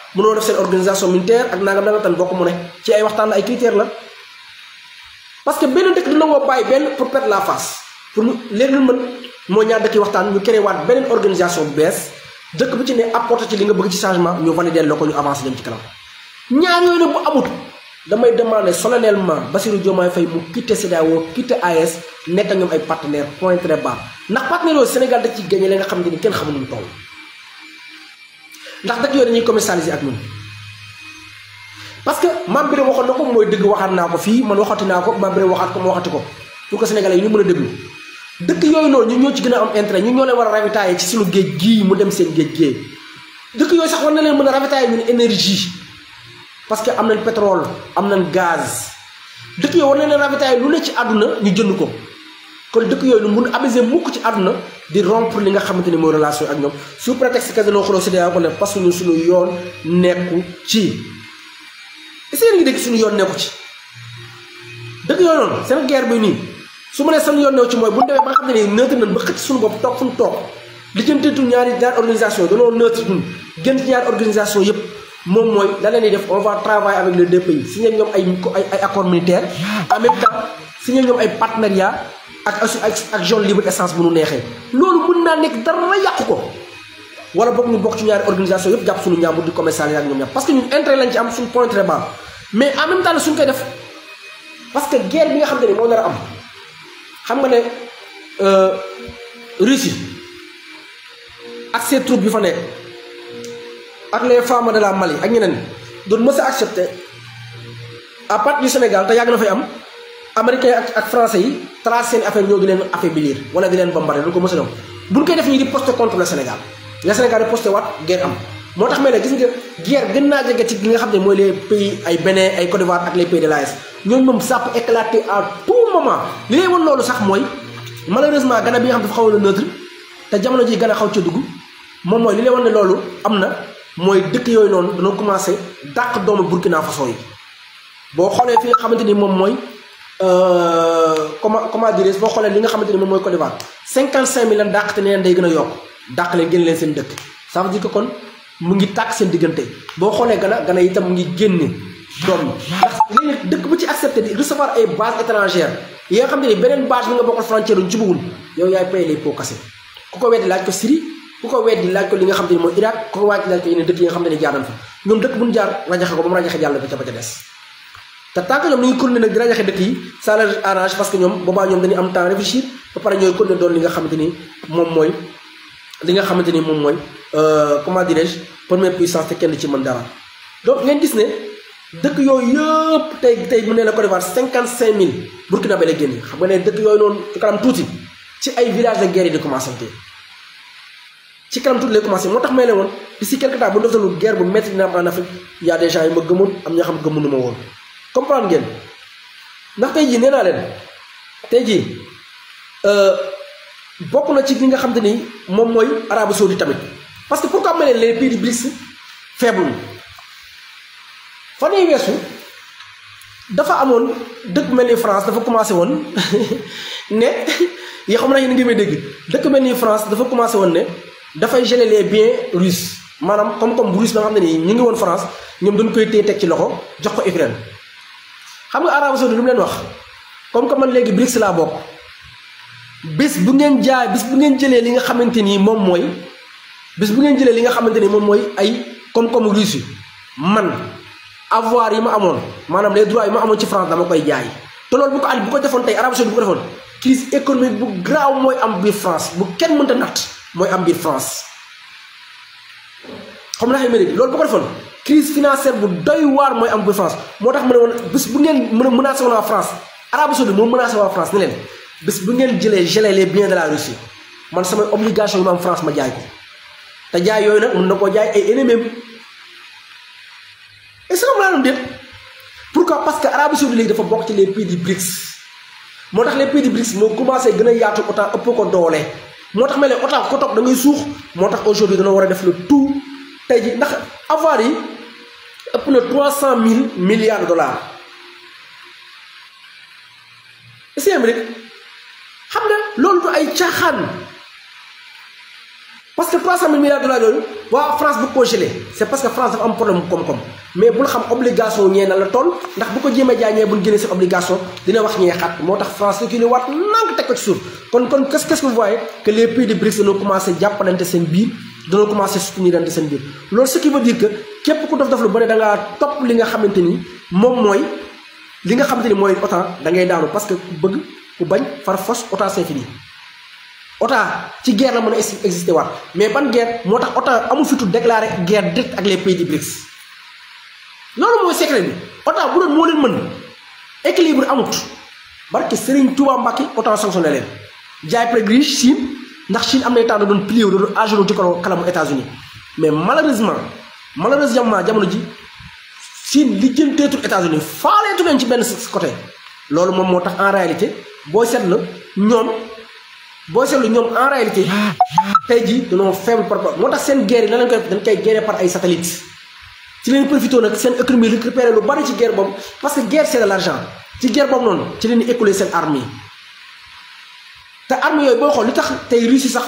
Speaker 2: mënoo def seen organisation militaire ak nangam nangam tan boo mu ne ci ay waxtaan la ay critère la parce que benn dëkk dina nangoo bàyyi benn pour perdre la face pour ñu léegi lu mën moo ñaar dëkk yi waxtaan ñu créé waat beneen organisation bu bees dëkk bu ci ne apporter ci li nga bëgg ci changement ñu validé loo ko ñu avancer dem ci kanam ñaar yooyu nag bu amut damay demander solennellement Bassirou Diomaye Faye mu quitter CEDEAO quitter AES nekk ñoom ay partenaire point très bas ndax partenaire yooyu Sénégal da ci gagné la nga xam ne ni kenn xamul ñu toll ndax dëkk yooyu dañuy commercialiser ak ñun parce que maam Birame waxoon na ko mooy dëgg waxaat naa ko fii man waxati naa ko maam Birame waxaat ko ma waxati ko pour que sénégalais yi ñu mën a déglu dëkk yooyu loolu ñun ñoo ci gën a am intérêt ñun ñoo leen war a ravitailler ci suñu géej gii mu dem seen géej gii dëkk yooyu sax war na leen mën a ravitailler ñun énergie parce que am nañ pétrole am nañ gaz dëkk yooyu war na leen ravitailler lu ne ci àdduna ñu jënd ko kon dëkk yooyu lu mun abaisé mukk ci àdduna di rompre li nga xamante ni mooy relation ak ñoom su prétexte que dañoo xuloo si dañoo ko ne parce que ñun suñu yoon nekku ci est ngi dégg suñu yoon nekku ci dëgg yoo noonu seen bi nii su ma nee seen yoon nekku ci mooy bu ñu demee ba nga xam ne nii neutre nañ ba xëcc suñu bopp toog fu mu toog li ñaari ñaari organisation dañoo neutre ñun gën ci ñaari organisation yëpp moom mooy la leen def on va travailler avec les deux pays signé ñoom ay ay ay accord militaire ah. en même temps signé ay partenariat ak ak libre essence bu nu neexee loolu ce dara wala boog ñu ci organisation yëpp jàpp suñu commercial parce que nous intérêt lañ ci am point mais en même temps suñ koy def parce que guerre bi nga xam ne am xam nga euh, Russie ak ses troupes yu fa ak les femmes de la Mali ak ñeneen à part du Sénégal na fay am. Américains ak les français yi tracé affaire ñoo di leen affaiblir wala di leen bombardé lu ko Sénégal a koy def contre le Sénégal le Sénégal di posté waat guerre am moo tax gis nga guerre gën naa jege ci nga xam ne les pays ay Bénin ay Côte d'Ivoire ak les pays de moom à tout moment li lay ont fait, sax mooy malheureusement Gana bi nga xam dafa xaw neutre te jamono ji xaw ci dugg moom mooy li lay wan ne loolu am na dëkk yooyu noonu dañoo commencé dàq doomu Burkina Faso yi boo xoolee fi nga xamante ni Euh, comment comment dirais-je boo xoolee li nga xamante ni moom mooy Côte d'Ivoire 55000 lan dàq te neen day gën a yokk dàq leen génn leen seen dëkk ça veut dire que kon mu ngi tàkk seen diggante boo xoolee Gana Gana itam mu ngi génne doom ndax léegi dëkk bu ci accepté di recevoir ay base xam ne ni beneen base bi nga bokkal frontière ñu ci bëggul yow li nga xam te ni nga xam ne ni jaar nañ fa ñoom dëkk bu ñu jaar rajaxe ko ba mu rajaxe jàll ba ca ba ca des te tant que ñoom dañuy continuer nag di rajaxe dëkk yi ça la arrange parce que ñom boba ñom dañuy am temps réfléchir ba paré ñoy continuer doon li nga xamanteni mom moy li nga xamanteni mom moy euh comment dirais je première puissance te kenn ci mën dara donc ngeen gis né dëkk yoy yëpp tay tay mu né la Côte d'Ivoire 55000 Burkina Faso la génn xam nga né dëkk yoy non ci kanam touti ci ay village de guerre yi di commencé ci kanam tout lay commencé motax may lé won ci quelque temps bu ñu defee guerre bu metti na am en Afrique il y a des gens yi ma gëmoon am ñoo xam gëmunu ma won comprend ngeen ndax tey jii nee naa leen tey jii euh, bokk na ci li nga xam te ni moom mooy Arabie Saoudite tamit parce que pourquoi ma leen les pays du BRICS faible fan yii weesu dafa amoon dëkk mel France dafa commencé woon [laughs] ne yoo xam naa yéen ngi may dégg dëkk mel ni France dafa commencé woon ne dafay geler les biens russes maanaam comme comme bu russe ba nga xam ne nii ñu ngi woon France ñoom dañu koy téye teg ci loxo jox ko Ukraine. xam nga Arabie Saoudite lu mu leen wax comme que man léegi BRICS laa bokk bis bu ngeen jaay bis bu ngeen jëlee li nga xamante nii moom mooy bis bu ngeen jëlee li nga xamante ni moom mooy ay koom-koomu Russie man avoir yi ma amoon maanaam les droits yi ma amoon ci France dama koy jaay te loolu bu ko ànd bu ko defoon tey Arabie Saoudite bu ko defoon crise économique bu graaw mooy am biir France bu kenn mënta natt mooy am biir France xam nga loolu bu ko defoon. crise financière bu doy waar mooy am bu France moo tax ma ne bu ngeen mën a menacé woon waa France Arabie Saoudite moo menacé waa France bu ngeen jëlee gelé les biens de la Russie man samay obligation yu ma am France ma jaay ko yooyu nag mën na koo jaay ay ennemis et sama laa doon parce que Arabie Saoudite léegi dafa bokk ci les pays du moo tax les pays du BRICS moo commencé gën a yaatu OTAN ëpp ko doole moo tax mel ne OTAN ko topp da ngay suux moo tax aujourd'hui dana war a def le tout tey ji ndax avoir yi ëpp na trois cent mille milliards de dollars si Amérique xam nga loolu du ay caaxaan parce que 300 000 milliards de dollars yooyu waa France bu ko gelé c' est parce que France dafa am problème koom-koom mais bul xam obligation ñee na la toll ndax bu ko jéemee jaay ñee buñ génnee seen obligation dina wax ñee xat moo tax France ki ne waat nang teg ko ci suuf kon kon qu'est-ce que vous voyez que les pays de BRICS dañoo commencé jàppalante seen biir dana commencé soutenir ante seen biir loolu ce qui veut dire que képp ku dof dof lu bëri da ngaa topp li nga xamante ni moom mooy li nga xamante ni mooy OTAN da ngay daanu parce que ku bëgg ku bañ far fos OTAN c'est nii OTAN ci guerre la mën a existé waat mais ban guerre moo tax OTAN amul fitu déclaré guerre direct ak les pays di BRICS loolu mooy secret bi OTAN bu doon moo leen mën équilibre amut barke Serigne Touba Mbacke OTAN sanctionné leen jaay préglige Chine ndax Chine am na temps da doon plié da doon agir ci kanamu États-Unis mais malheureusement malheureusement jamono ji Chine li États-Unis faaleetu leen ci benn côté loolu moom moo tax en réalité boo seetlu ñoom boo seetlu ñoom en réalité tey jii dañoo faible par rapport moo tax seen guerre yi na leen koy dañ koy guerre par ay satellites ci leen profité nag seen économie récupéré lu bari ci guerre boobu parce que guerre c'est de l'argent ci guerre boobu noonu ci leen écoulé seen armée te arme yooyu booy xool li tax tey Russie sax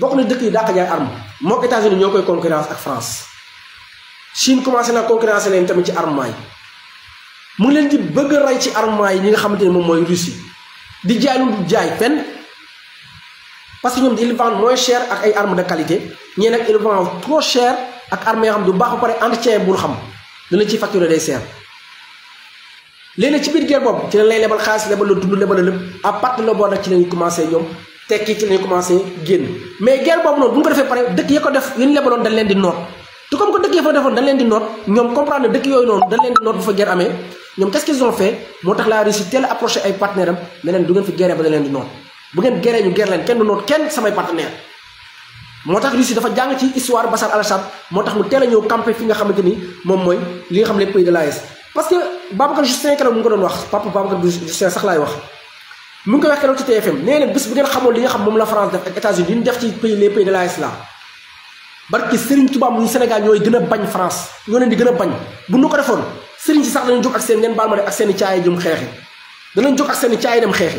Speaker 2: bokk na dëkk yi dàq jaay arme moom États-Unis ñoo koy concurrence ak France Chine commencé na concurrence leen tamit ci armement yi mu ngi leen di bëgg a rey ci armement yi ñi nga xamante ne moom mooy Russie di jaay lu jaay fenn parce que ñoom di vendent moins cher ak ay armes de qualité ñee nag ils vendent trop cher ak armes yoo xam du baax ba pare entretien bul xam dana ci facture day seer léeg-léeg ci biir guerre boobu ci la lay lebal xaalis lebal la dund lebal la lépp à partir de boo nag ci lañu commencé ñoom tekki ci lañu commencé génn mais guerre boobu noonu bu ñu ko defee pare dëkk ya ko def yéen lebaloon dañ leen di noot te comme que dëkk ya fa defoon dañ leen di noot bu fa guerre amee ñoom qu'est-ce qu'ils ont moo tax la Russie teel a approché ay partenaire am du ngeen fi guerre ba dañ leen di noot bu ngeen guerre ñu guerre leen a ñëw campé ni moom mooy li ne parce que Babacar Justin keroog mu ngi doon wax papa Babacar Justin sax laay wax mu ngi koy wax keroog ci TFM nee na bés bu ngeen xamoon li nga xam moom la France def ak États-Unis li ñu def ci pays les pays de l'islam barki Serigne Touba mu Sénégal ñooy gën a bañ France ñoo leen di gën a bañ bu nu ko defoon Serigne si sax danañ jóg ak seen ngeen baal ma ne ak seen i caay jëm xeexi danañ jóg ak seen i caay dem xeexi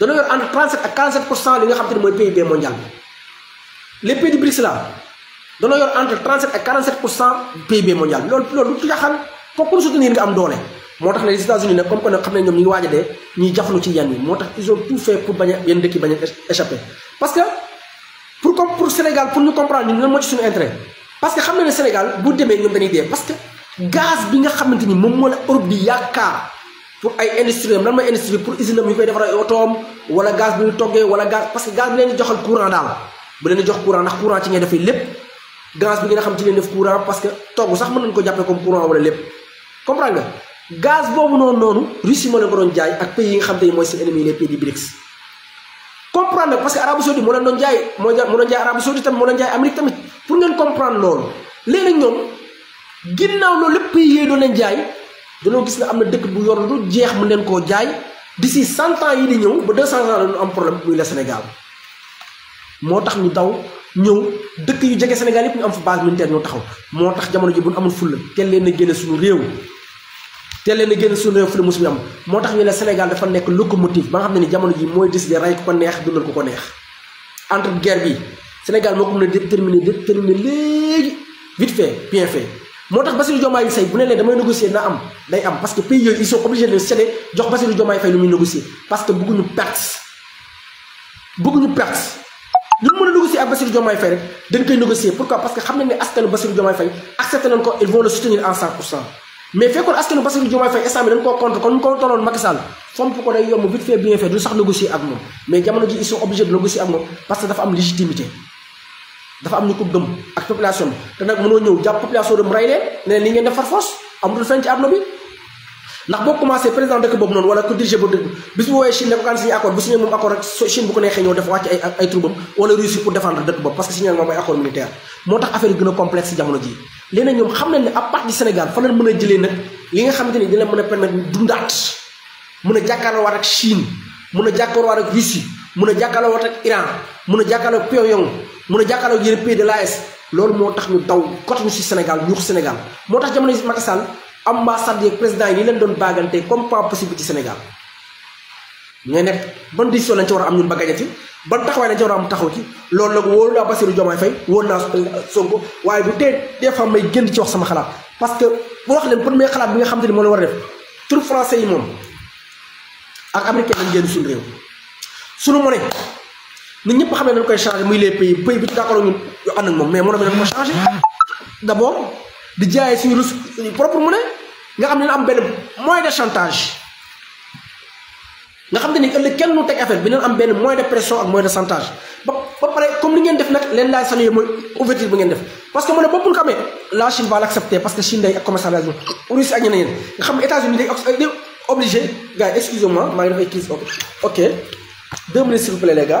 Speaker 2: dañoo yor entre 37 ak 47 pour cent li nga xam te ne mooy PIB mondial bi les pays du BRICS là yor entre 37 ak 47 pour cent PIB mondial bi loolu loolu lu taxal fokk ñu soutenir nga am doole moo tax ne les États-Unis nag comme que nag xam ne ñu ngi waaj a ñuy jafandu ci yenn yi moo tax ils ont tout fait pour bañ a yenn dëkk yi bañ a échapper pour comme pour Sénégal pour ñu comprendre ñun lan moo ci suñu intérêt que xam na ne Sénégal moom moo la Europe di pour ay industrie lan mooy industrie pour usine am koy defar ay otoom wala gaz bi toggee wala gaz parce que gaz bi leen di joxal courant daal bu leen di jox courant ndax courant ci ngay defee lépp gaz bi ngeen xam ci leen def courant parce que togg sax mën nañu ko jàppee comme courant wala lépp comprendre nga gaz boobu noonu noonu Russie moo leen ko doon jaay ak pays yi nga xam te mooy seen ennemi les pays du BRICS comprendre parce que Arabie moo leen doon jaay moo moo doon jaay Arabie Saoudite tamit moo leen jaay Amérique tamit lépp pays yooyu doon jaay danoo gis ne am na dëkk bu yor lu jeex mën leen koo jaay di si ans yi di ñëw ba deux cent ans la ñu am problème moo tax ñu daw ñëw dëkk yu jege Sénégal yëpp ñu am fa base militaire ñoo taxaw moo tax jamono ji bu ñu amul fulla teel leen génne suñu réew teel leen a génne suñu réew fulla mosu ñu am moo tax ñu ne Sénégal dafa nekk locomotive ba nga xam ne ni jamono ji mooy décider rey ku ko neex dundal ku ko neex entre guerre bi Sénégal moo ko mën a déterminer déterminer léegi vite fait bien fait motax tax Bassirou Diomaye Faye bu ne leen damay négocier na am day am parce que pays yooyu ils sont obligés de céder jox Bassirou Diomaye fay lu muy négocier parce que bëgguñu perte bëgguñu perte ñu mën a négocier ak Bassirou Diomaye Faye rek dañ koy négocier pourquoi parce que xam nañ ne askanu Bassirou Diomaye fay accepté nañ ko ils vont le soutenir à 100 pour cent mais fekkoon askanu Bassirou Diomaye Faye instant bi dañ ko contre kon ñu ko tolloon Macky Sall fomp ko day yom vite fait bien fait du sax négocier ak moom mais jamono ji ils sont obligés de négocier ak moom parce que dafa am légitimité dafa am ñu ko gëm ak population bi te nag mënoo ñëw jàpp population dem rey leen ne li ngeen def force amatul fenn ci àdduna bi ndax boo commencé président dëkk boobu noonu wala ko dirigé ba dëkk bis bu woowee Chine ne ko kan signé accord bu signé moom accord rek a complexe si ne à a ni a permettre dundaat mën a jàkkaarloo waat ak Chine mën a jàkkaarloo waat ak Russie mun a jàkkaarloo wat ak Iran mun a jàkkaarloo Pyongyang mun a jàkkaarloo yeneen pays de l'AES loolu moo tax ñu daw côté ñu si Sénégal ñu Sénégal moo tax jamono Macky Sall ambassade yeeg président yi ni leen doon baagante comme pas possible ci Sénégal ngay nekk ban décision lañ ci war a am ñun ba gañe ci ban taxawaay lañ ci war a am taxaw ci loolu nag woo naa Bassirou Diomaye Faye woon naa Sonko waaye bu tey des fois may génn ci wax sama xalaat parce que bu wax leen premier xalaat bi nga xam te ni moo war a def tur français yi moom ak américain lañ génn suñu sunu monnaie nit ñëpp xam ne dañ koy changé muy les pays pays bi ci d'accord ñun yu ànd ak moom mais monnaie bi dañ ko changé d'abord di jaay suñu ressource suñu propre monnaie nga xam ne am benn moyen de chantage nga xam ne ni ëllëg kenn nu teg affaire bi dinañ am benn moyen de pression ak moyen de chantage ba ba pare comme li ngeen def nag leen laay saluer mooy ouverture bi ngeen def parce que monnaie boobu nga xamee la Chine va l'accepter parce que Chine day ak commercialisation Russie ak ñeneen nga xam ne États-Unis day obligé gars excusez-moi maa ngi def ay crise ok 2 minutes இருக்குள்ள இல்லைக்கா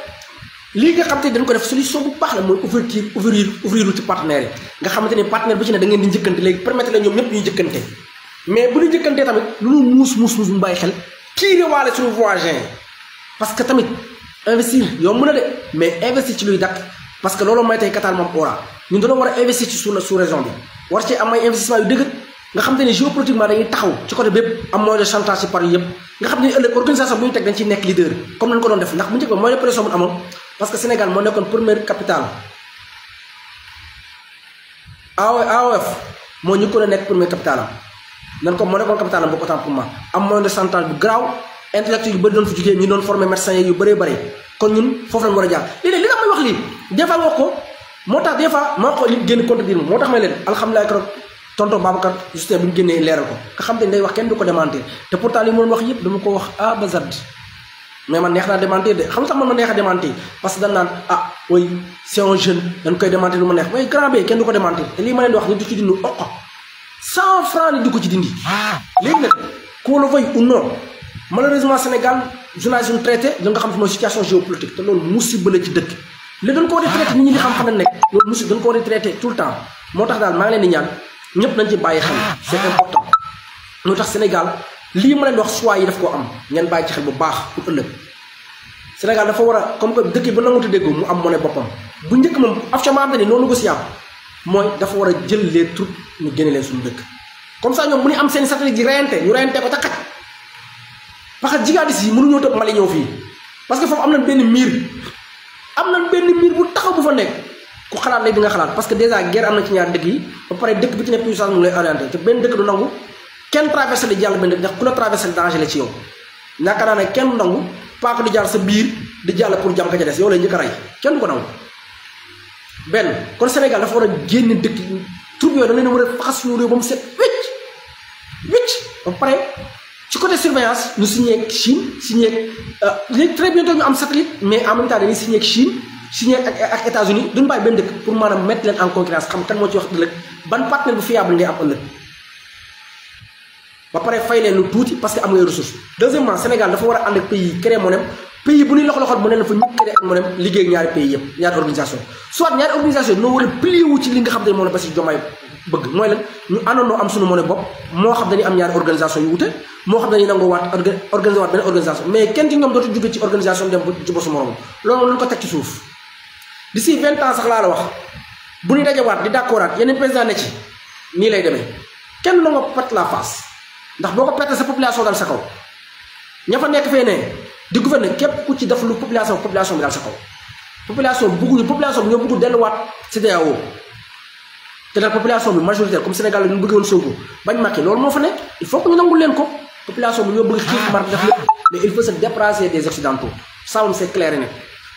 Speaker 2: lii nga xamante ni dañ ko def solution bu baax la mooy ouverture ouvrir ouvrir ci partenaire yi nga xamante ni partenaire bu ci ne da ngeen di njëkkante léegi permettre la ñoom ñëpp ñu njëkkante mais bu ñu njëkkantee tamit lu ñu muus muus de mais investir ci luy dakk parce que loolu mooy tey Qatar moom ora ñun dañoo war a investir ci suñu sous-région bi war ci am ay investissement yu dëgër nga xam te ne géopolitiquement dañuy taxaw ci côté bépp am moyen ndax bu njëkk parce que Sénégal mo nekkoon premier capital AOF e, mo ñu ko nekk premier capital am nan ko mo nekkoon capital bu ko tam pour ma am moyen de chantage bu graw intellectuel bu bëri doon fu jugee ñu doon former médecins yu bari bari kon ñun fofu lañ war a jaar li li nga may wax li des fois wax ko des fois ko li genn contredire moo may leen alhamdulilah keroog tonton babakar juste bi genné génnee leeral ko nga xam te ne wax kenn du ko démentir te pourtant li mo wax yépp dama ko wax A ba mais man neex naa démentir de xam nga sax man ma neex a démentir parce que naan ah oui c'est un jeune dañ koy démentir lu ma neex mais grand bi kenn du ko démentir te lii ma leen di wax ni du ci dindi oq cent francs ni du ko ci dindi ah. léegi nag qu'on le veuille ou non malheureusement Sénégal traité li nga xam fi mooy situation géopolitique te loolu musiba la ci dëkk li dañ ko war a traité nit ñi di xam fan la nekk loolu musib dañ ko war a traité tout le temps moo tax daal maa ngi leen di ñaan ñëpp nañ ci bàyyi xel ah. c'est important moo tax Sénégal lii ma leen wax choix yi daf koo am ngeen bàyyi ci xel bu baax pour ëllëg Sénégal dafa war a comme que dëkk yi ba nangu te déggoo mu am monnaie boppam bu njëkk moom actuellement am na ni non négociable mooy dafa war a jël les troupes ñu génne leen suñu dëkk comme ça ñoom bu ñu am seen satellite yi reyante ñu reyante ko ta xaj parce que jihadistes yi mënuñoo tëb Mali ñëw fii parce que foofu am na benn miir am na benn miir bu taxaw bu fa nekk ku xalaat lay na ci ñaar dëkk yi ba pare dëkk bi ci ne lay orienté te benn dëkk du kenn traversé di jàll benn ndax ku la traversé danger la ci yow naka naa ne kenn nangu paaka di jaar sa biir di jàll pour jàmm ka ca des yow lay njëkk a rey kenn du ko nangu benn kon Sénégal dafa war a génn dëkk troupe yooyu da leen a war a faxas suñu réew ba mu set wécc wécc ba pare ci côté surveillance ñu signé ak Chine signé ak euh, léegi très bientôt ñu am satellite mais en même temps dañuy signé ak Chine signé ak ak États-Unis bàyyi benn dëkk pour maanaam mettre en concurrence xam kan moo ban partenaire bu fiable ngay am ëllëg ba paré fay leen lu touti parce que am ngay ressource deuxièmement sénégal dafa wara and ak pays yi créé monnaie pays bu ni lox loxoon mën fa ñu créé ak monem liggéey ak ñaari pays yépp ñaari organisation soit ñaari organisation no wara plié wu ci li nga xam ne moom la Bassirou Diomaye bëgg moy lan ñu àndandoo am suñu monem bop mo xam dañu am ñaari organisation yu wuté mo xam dañu nango wat organisé wat ben organisation mais kën ci ñoom dootu jóge ci organisation dem ci bosu moromam loolu lañ ko tek ci suuf ci 20 ans sax la la wax bu ni dajé wat di d' accordaat yeneen président ne ci ni lay démé kenn lo nga pat la face ndax boo ko perte sa population dal sa kaw ña fa nekk fee ne di gouverner képp ku ci def lu population population bi dal sa kaw population bugguñu population bi ñoo bugg delluwaat CEDEAO te dal population bi majoritaire comme Sénégal la ñu bëgg woon Sonko bañ Macky loolu moo fa nekk il faut que ñu nangul leen ko population bi ñoo bëgg xiif mar def lépp mais il faut se débarrasser des occidentaux ça moom c'est clair et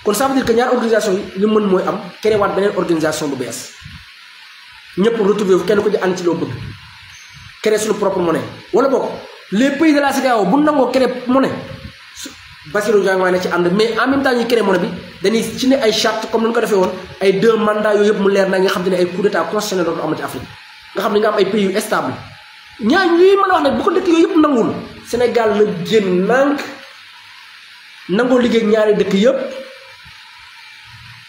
Speaker 2: kon ça veut dire que ñaar organisation yi li mën mooy am créé waat beneen organisation bu bees ñëpp retrouver wu kenn ko ci ànd ci loo créer suñu propre monnaie wala boog les pays de la CEDEAO bu nangoo créer monnaie Bassirou Diomaye na ci ànd mais en même temps ñuy bi dañuy ci ne ay charte comme ni ñu ko defee woon ay deux mandats yooyu yëpp mu leer na nga xam te ne ay coup d'état constitutionnel dootu amati Afrique nga xam ne nga am ay pays yu stable ñaar ñuy mën a wax ne bu ko dëkk yooyu yëpp nanguwul Sénégal la génn nànk nangoo liggéey ñaari dëkk yëpp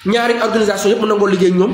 Speaker 2: ñaari organisation yëpp nangoo liggéey ñoom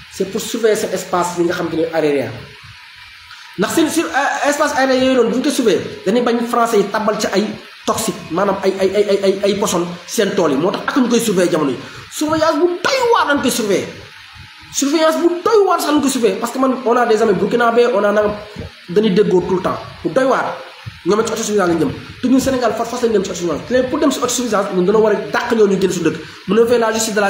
Speaker 2: c'est pour sauver cet espace bi nga xam te ne aérien ndax seen sur euh, espace aérien yooyu noonu bu ñu ko sauver dañuy bañ français yi tabal ci ay toxique maanaam ay ay ay ay ay poson seen tool yi moo tax ak ñu koy surveiller jamono yi surveillance bu doy waar dañ koy surveiller bu doy waar sax dañ koy surveiller parce que man on a des amis burkinabé bu doy waar ñoom ci autosuffisance lañ jëm te war a dàq ñoo ñu génn su dëkk mu ne fay la justice de la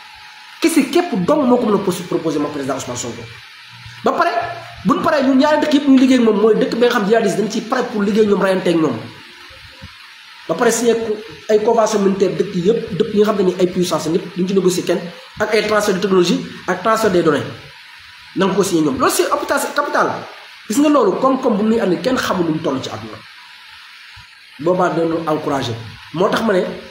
Speaker 2: kese képp dong moo ko mën a proposé moom président Ousmane Sonko ba pare bu ñu paree dëkk yëpp ñu liggéey moom mooy dëkk bi nga xam jihadiste dañ ciy pare pour liggéey ñoom rayante ak ñoom ba pare signé ay convention militaire dëkk yëpp dëkk yi nga xam ne ni ay puissance ñëpp duñ ci négocier kenn ak ay transfert de technologie ak transfert des données na ko signé ñoom loolu si capital capital gis nga loolu koom-koom bu muy andi kenn xamul lu mu toll ci àdduna boobaa dañu encouragé moo tax ma ne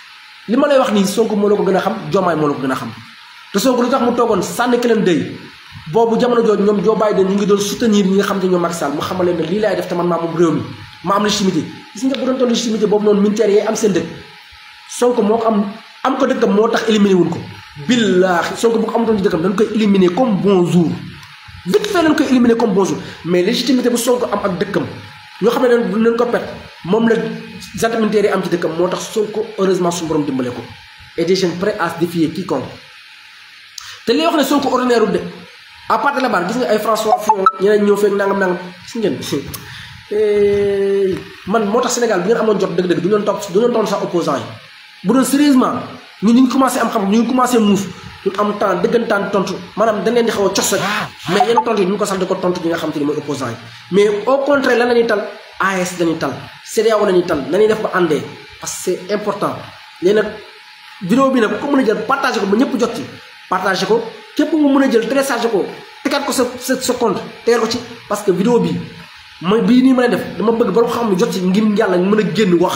Speaker 2: li ma lay wax nii Sonko moo la ko gën a xam Diomaye moo la ko gën a xam te Sonko lu tax mu toogoon sànni këlam dey boobu jamono jooju ñoom Joe Biden ñu ngi doon soutenir ñi nga xam ne lii def te man réew mi ma am légitimité gis nga bu doon toll légitimité boobu noonu militaire yi am moo am am ko dëkkam moo tax éliminé wuñ ko billaahi Sonko bu ko amatoon ci dañ koy éliminé comme bonjour vite fait lañ koy éliminé comme bonjour mais légitimité bu am ak dëkkam ñoo xam ne leen ko perte moom la zatamintère yi am ci dëkkam moo tax ko heureusement suñu borom dimbale ko et des jeunes prêts à défier quiconque te li wax ne Sonko ordinaire de à de la barre gis nga ay François Fillon ñeneen ñëw feeg nangam nangam su ngeen [laughs] eh, man moo tax Sénégal bu ngeen amoon jot dëgg-dëgg du ñu doon topp du ñu doon toon sax opposant yi bu doon sérieusement ñun ñu ngi am xam ñu ngi commencé muus ñu am temps dëggantaan tontu maanaam dañ leen di xaw a cos mais yenn tontu yi duñ ko sax di nga xam te ni mooy opposant yi mais au contraire lan tal AES lañu tal CEDEAO lañu tal nañuy def ba àndee parce que c'est important léegi nag vidéo bi nag ku ko mën a jël partagé ko ba ñëpp jot ci partagé ko képp mu mën a jël téléchargé ko tegaat ko sa sa sa compte tegal ko ci parce que vidéo bii mooy bii nii ma leen def dama bëgg borom xam ne jot ci ngir yàlla mën a génn wax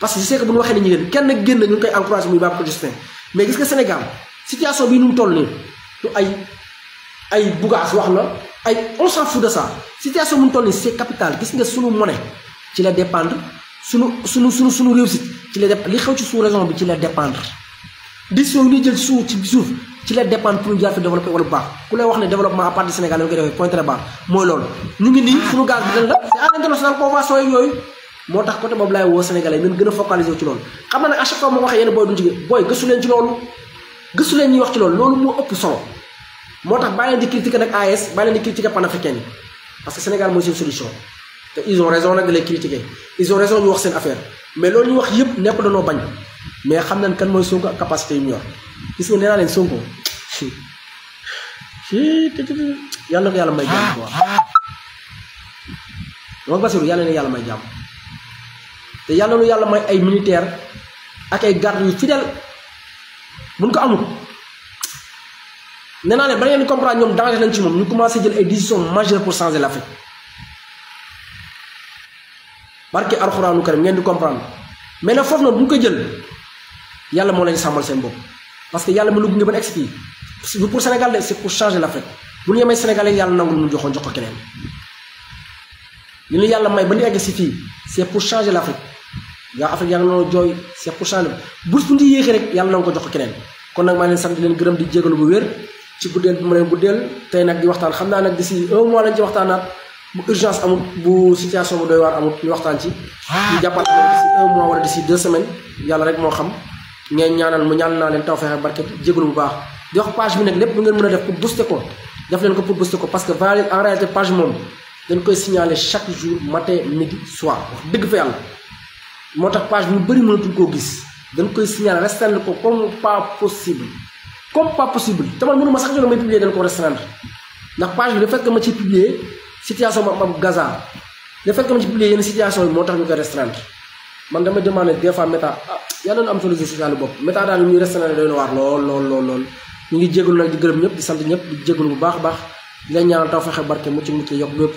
Speaker 2: parce que je sais bu ñu waxee ni ñu leen kenn génn ñu koy encouragé muy Babacar Justin mais gis nga Sénégal situation bii nu mu toll nii du ay ay bugaas wax la ay on s'en fout de ça situation mu tolli c'est capital gis nga sunu monnaie ci la dépendre sunu sunu sunu sunu réussite ci la li xew ci sous raison bi ci la dépendre décision ni jël sous ci bisouf ci la dépendre pour ñu jaar fi développer wala ba ku lay wax ne développement à part du Sénégal lañ def point très bas moy lool ñu ngi ni sunu gaz bi la c'est à l'international convention yeeg yooyu moo côté bob lay wo sénégalais ñu gëna focaliser ci lool xam na nag à chaque fois mo wax yene boy duñ ci boy gëstu len ci lool gëstu len ñi wax ci lool lool mo ëpp solo moo tax bàyyi leen di critiquer nag AS bàyyi leen di critiquer panafricain yi parce que Sénégal mooy seen solution te ils ont raison nag di lay critiquer ils ont raison ñu wax seen affaire mais loolu ñu wax yëpp nekk danoo bañ mais xam nañ kan mooy Sonko ak capacité yu mu yor gis nga yàlla na ko yàlla may jàmm quoi moom Bassirou yàlla na yàlla may jàmm te yàlla nu yàlla may ay militaire ak ay garde yu fidèle buñ ko amul nee naa leen ba ngeen comprendre ñoom danger nañ ci moom ñu commencé jël ay décisions majeures pour changer l'Afrique barke alxuraanu karim ngeen di comprendre mais nag foofu noonu buñ ko jël yàlla moo lañ sàmmal seen bopp parce que yàlla ma lu gunge ba egsi fii du pour Sénégal de c'est pour changer l'Afrique bu ñu yemee Sénégalais yàlla nangul mu joxoon jox ko keneen li ñu yàlla may ba ñu egg si fii c'est pour changer l'Afrique yaa Afrique yaa ngi noonu jooy c'est pour changer bu bu ñu yéexee rek yàlla na ko jox ko keneen kon nag maa leen sant di leen gërëm di jégalu bu wér. ci guddeel bi mu ne guddeel tey nag di waxtaan xam naa nag d'ici un mois lañ ci waxtaanaat bu urgence amul bu situation bu doy waar amul ñu waxtaan ci ah. ñu jàppaat d'ici un mois wala di d'ici deux semaines yàlla rek moo xam ngeen ñaanal mu ñaan naa leen taw fexe barke jégalu bu baax di wax page bi nag lépp lu ngeen mën a def pour booster ko def leen ko pour booster ko parce que en réalité page moom dañ koy signaler chaque jour matin midi soir wax dëgg fa yàlla moo tax page bu bëri mënatul koo gis dañ koy signaler restel ko comme pas possible comme pas possible te man mënu ma sax ñu may publier dañ ko restreindre ndax page bi le fait que ma ci publier situation ma am Gaza le fait que ma ci publier yenn situation yi moo tax ñu koy restreindre man damay demandé des fois méta ah, yàlla na am solution sociale bopp méta daal ñuy restreindre doy na waar lool lool lool lool ngi jégalu nag di gërëm ñëpp di sant ñëpp di jégalu bu baax a baax di leen ñaanal taw fexe barke mucc mucc yokk lépp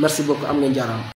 Speaker 2: merci beaucoup am ngeen jaaraama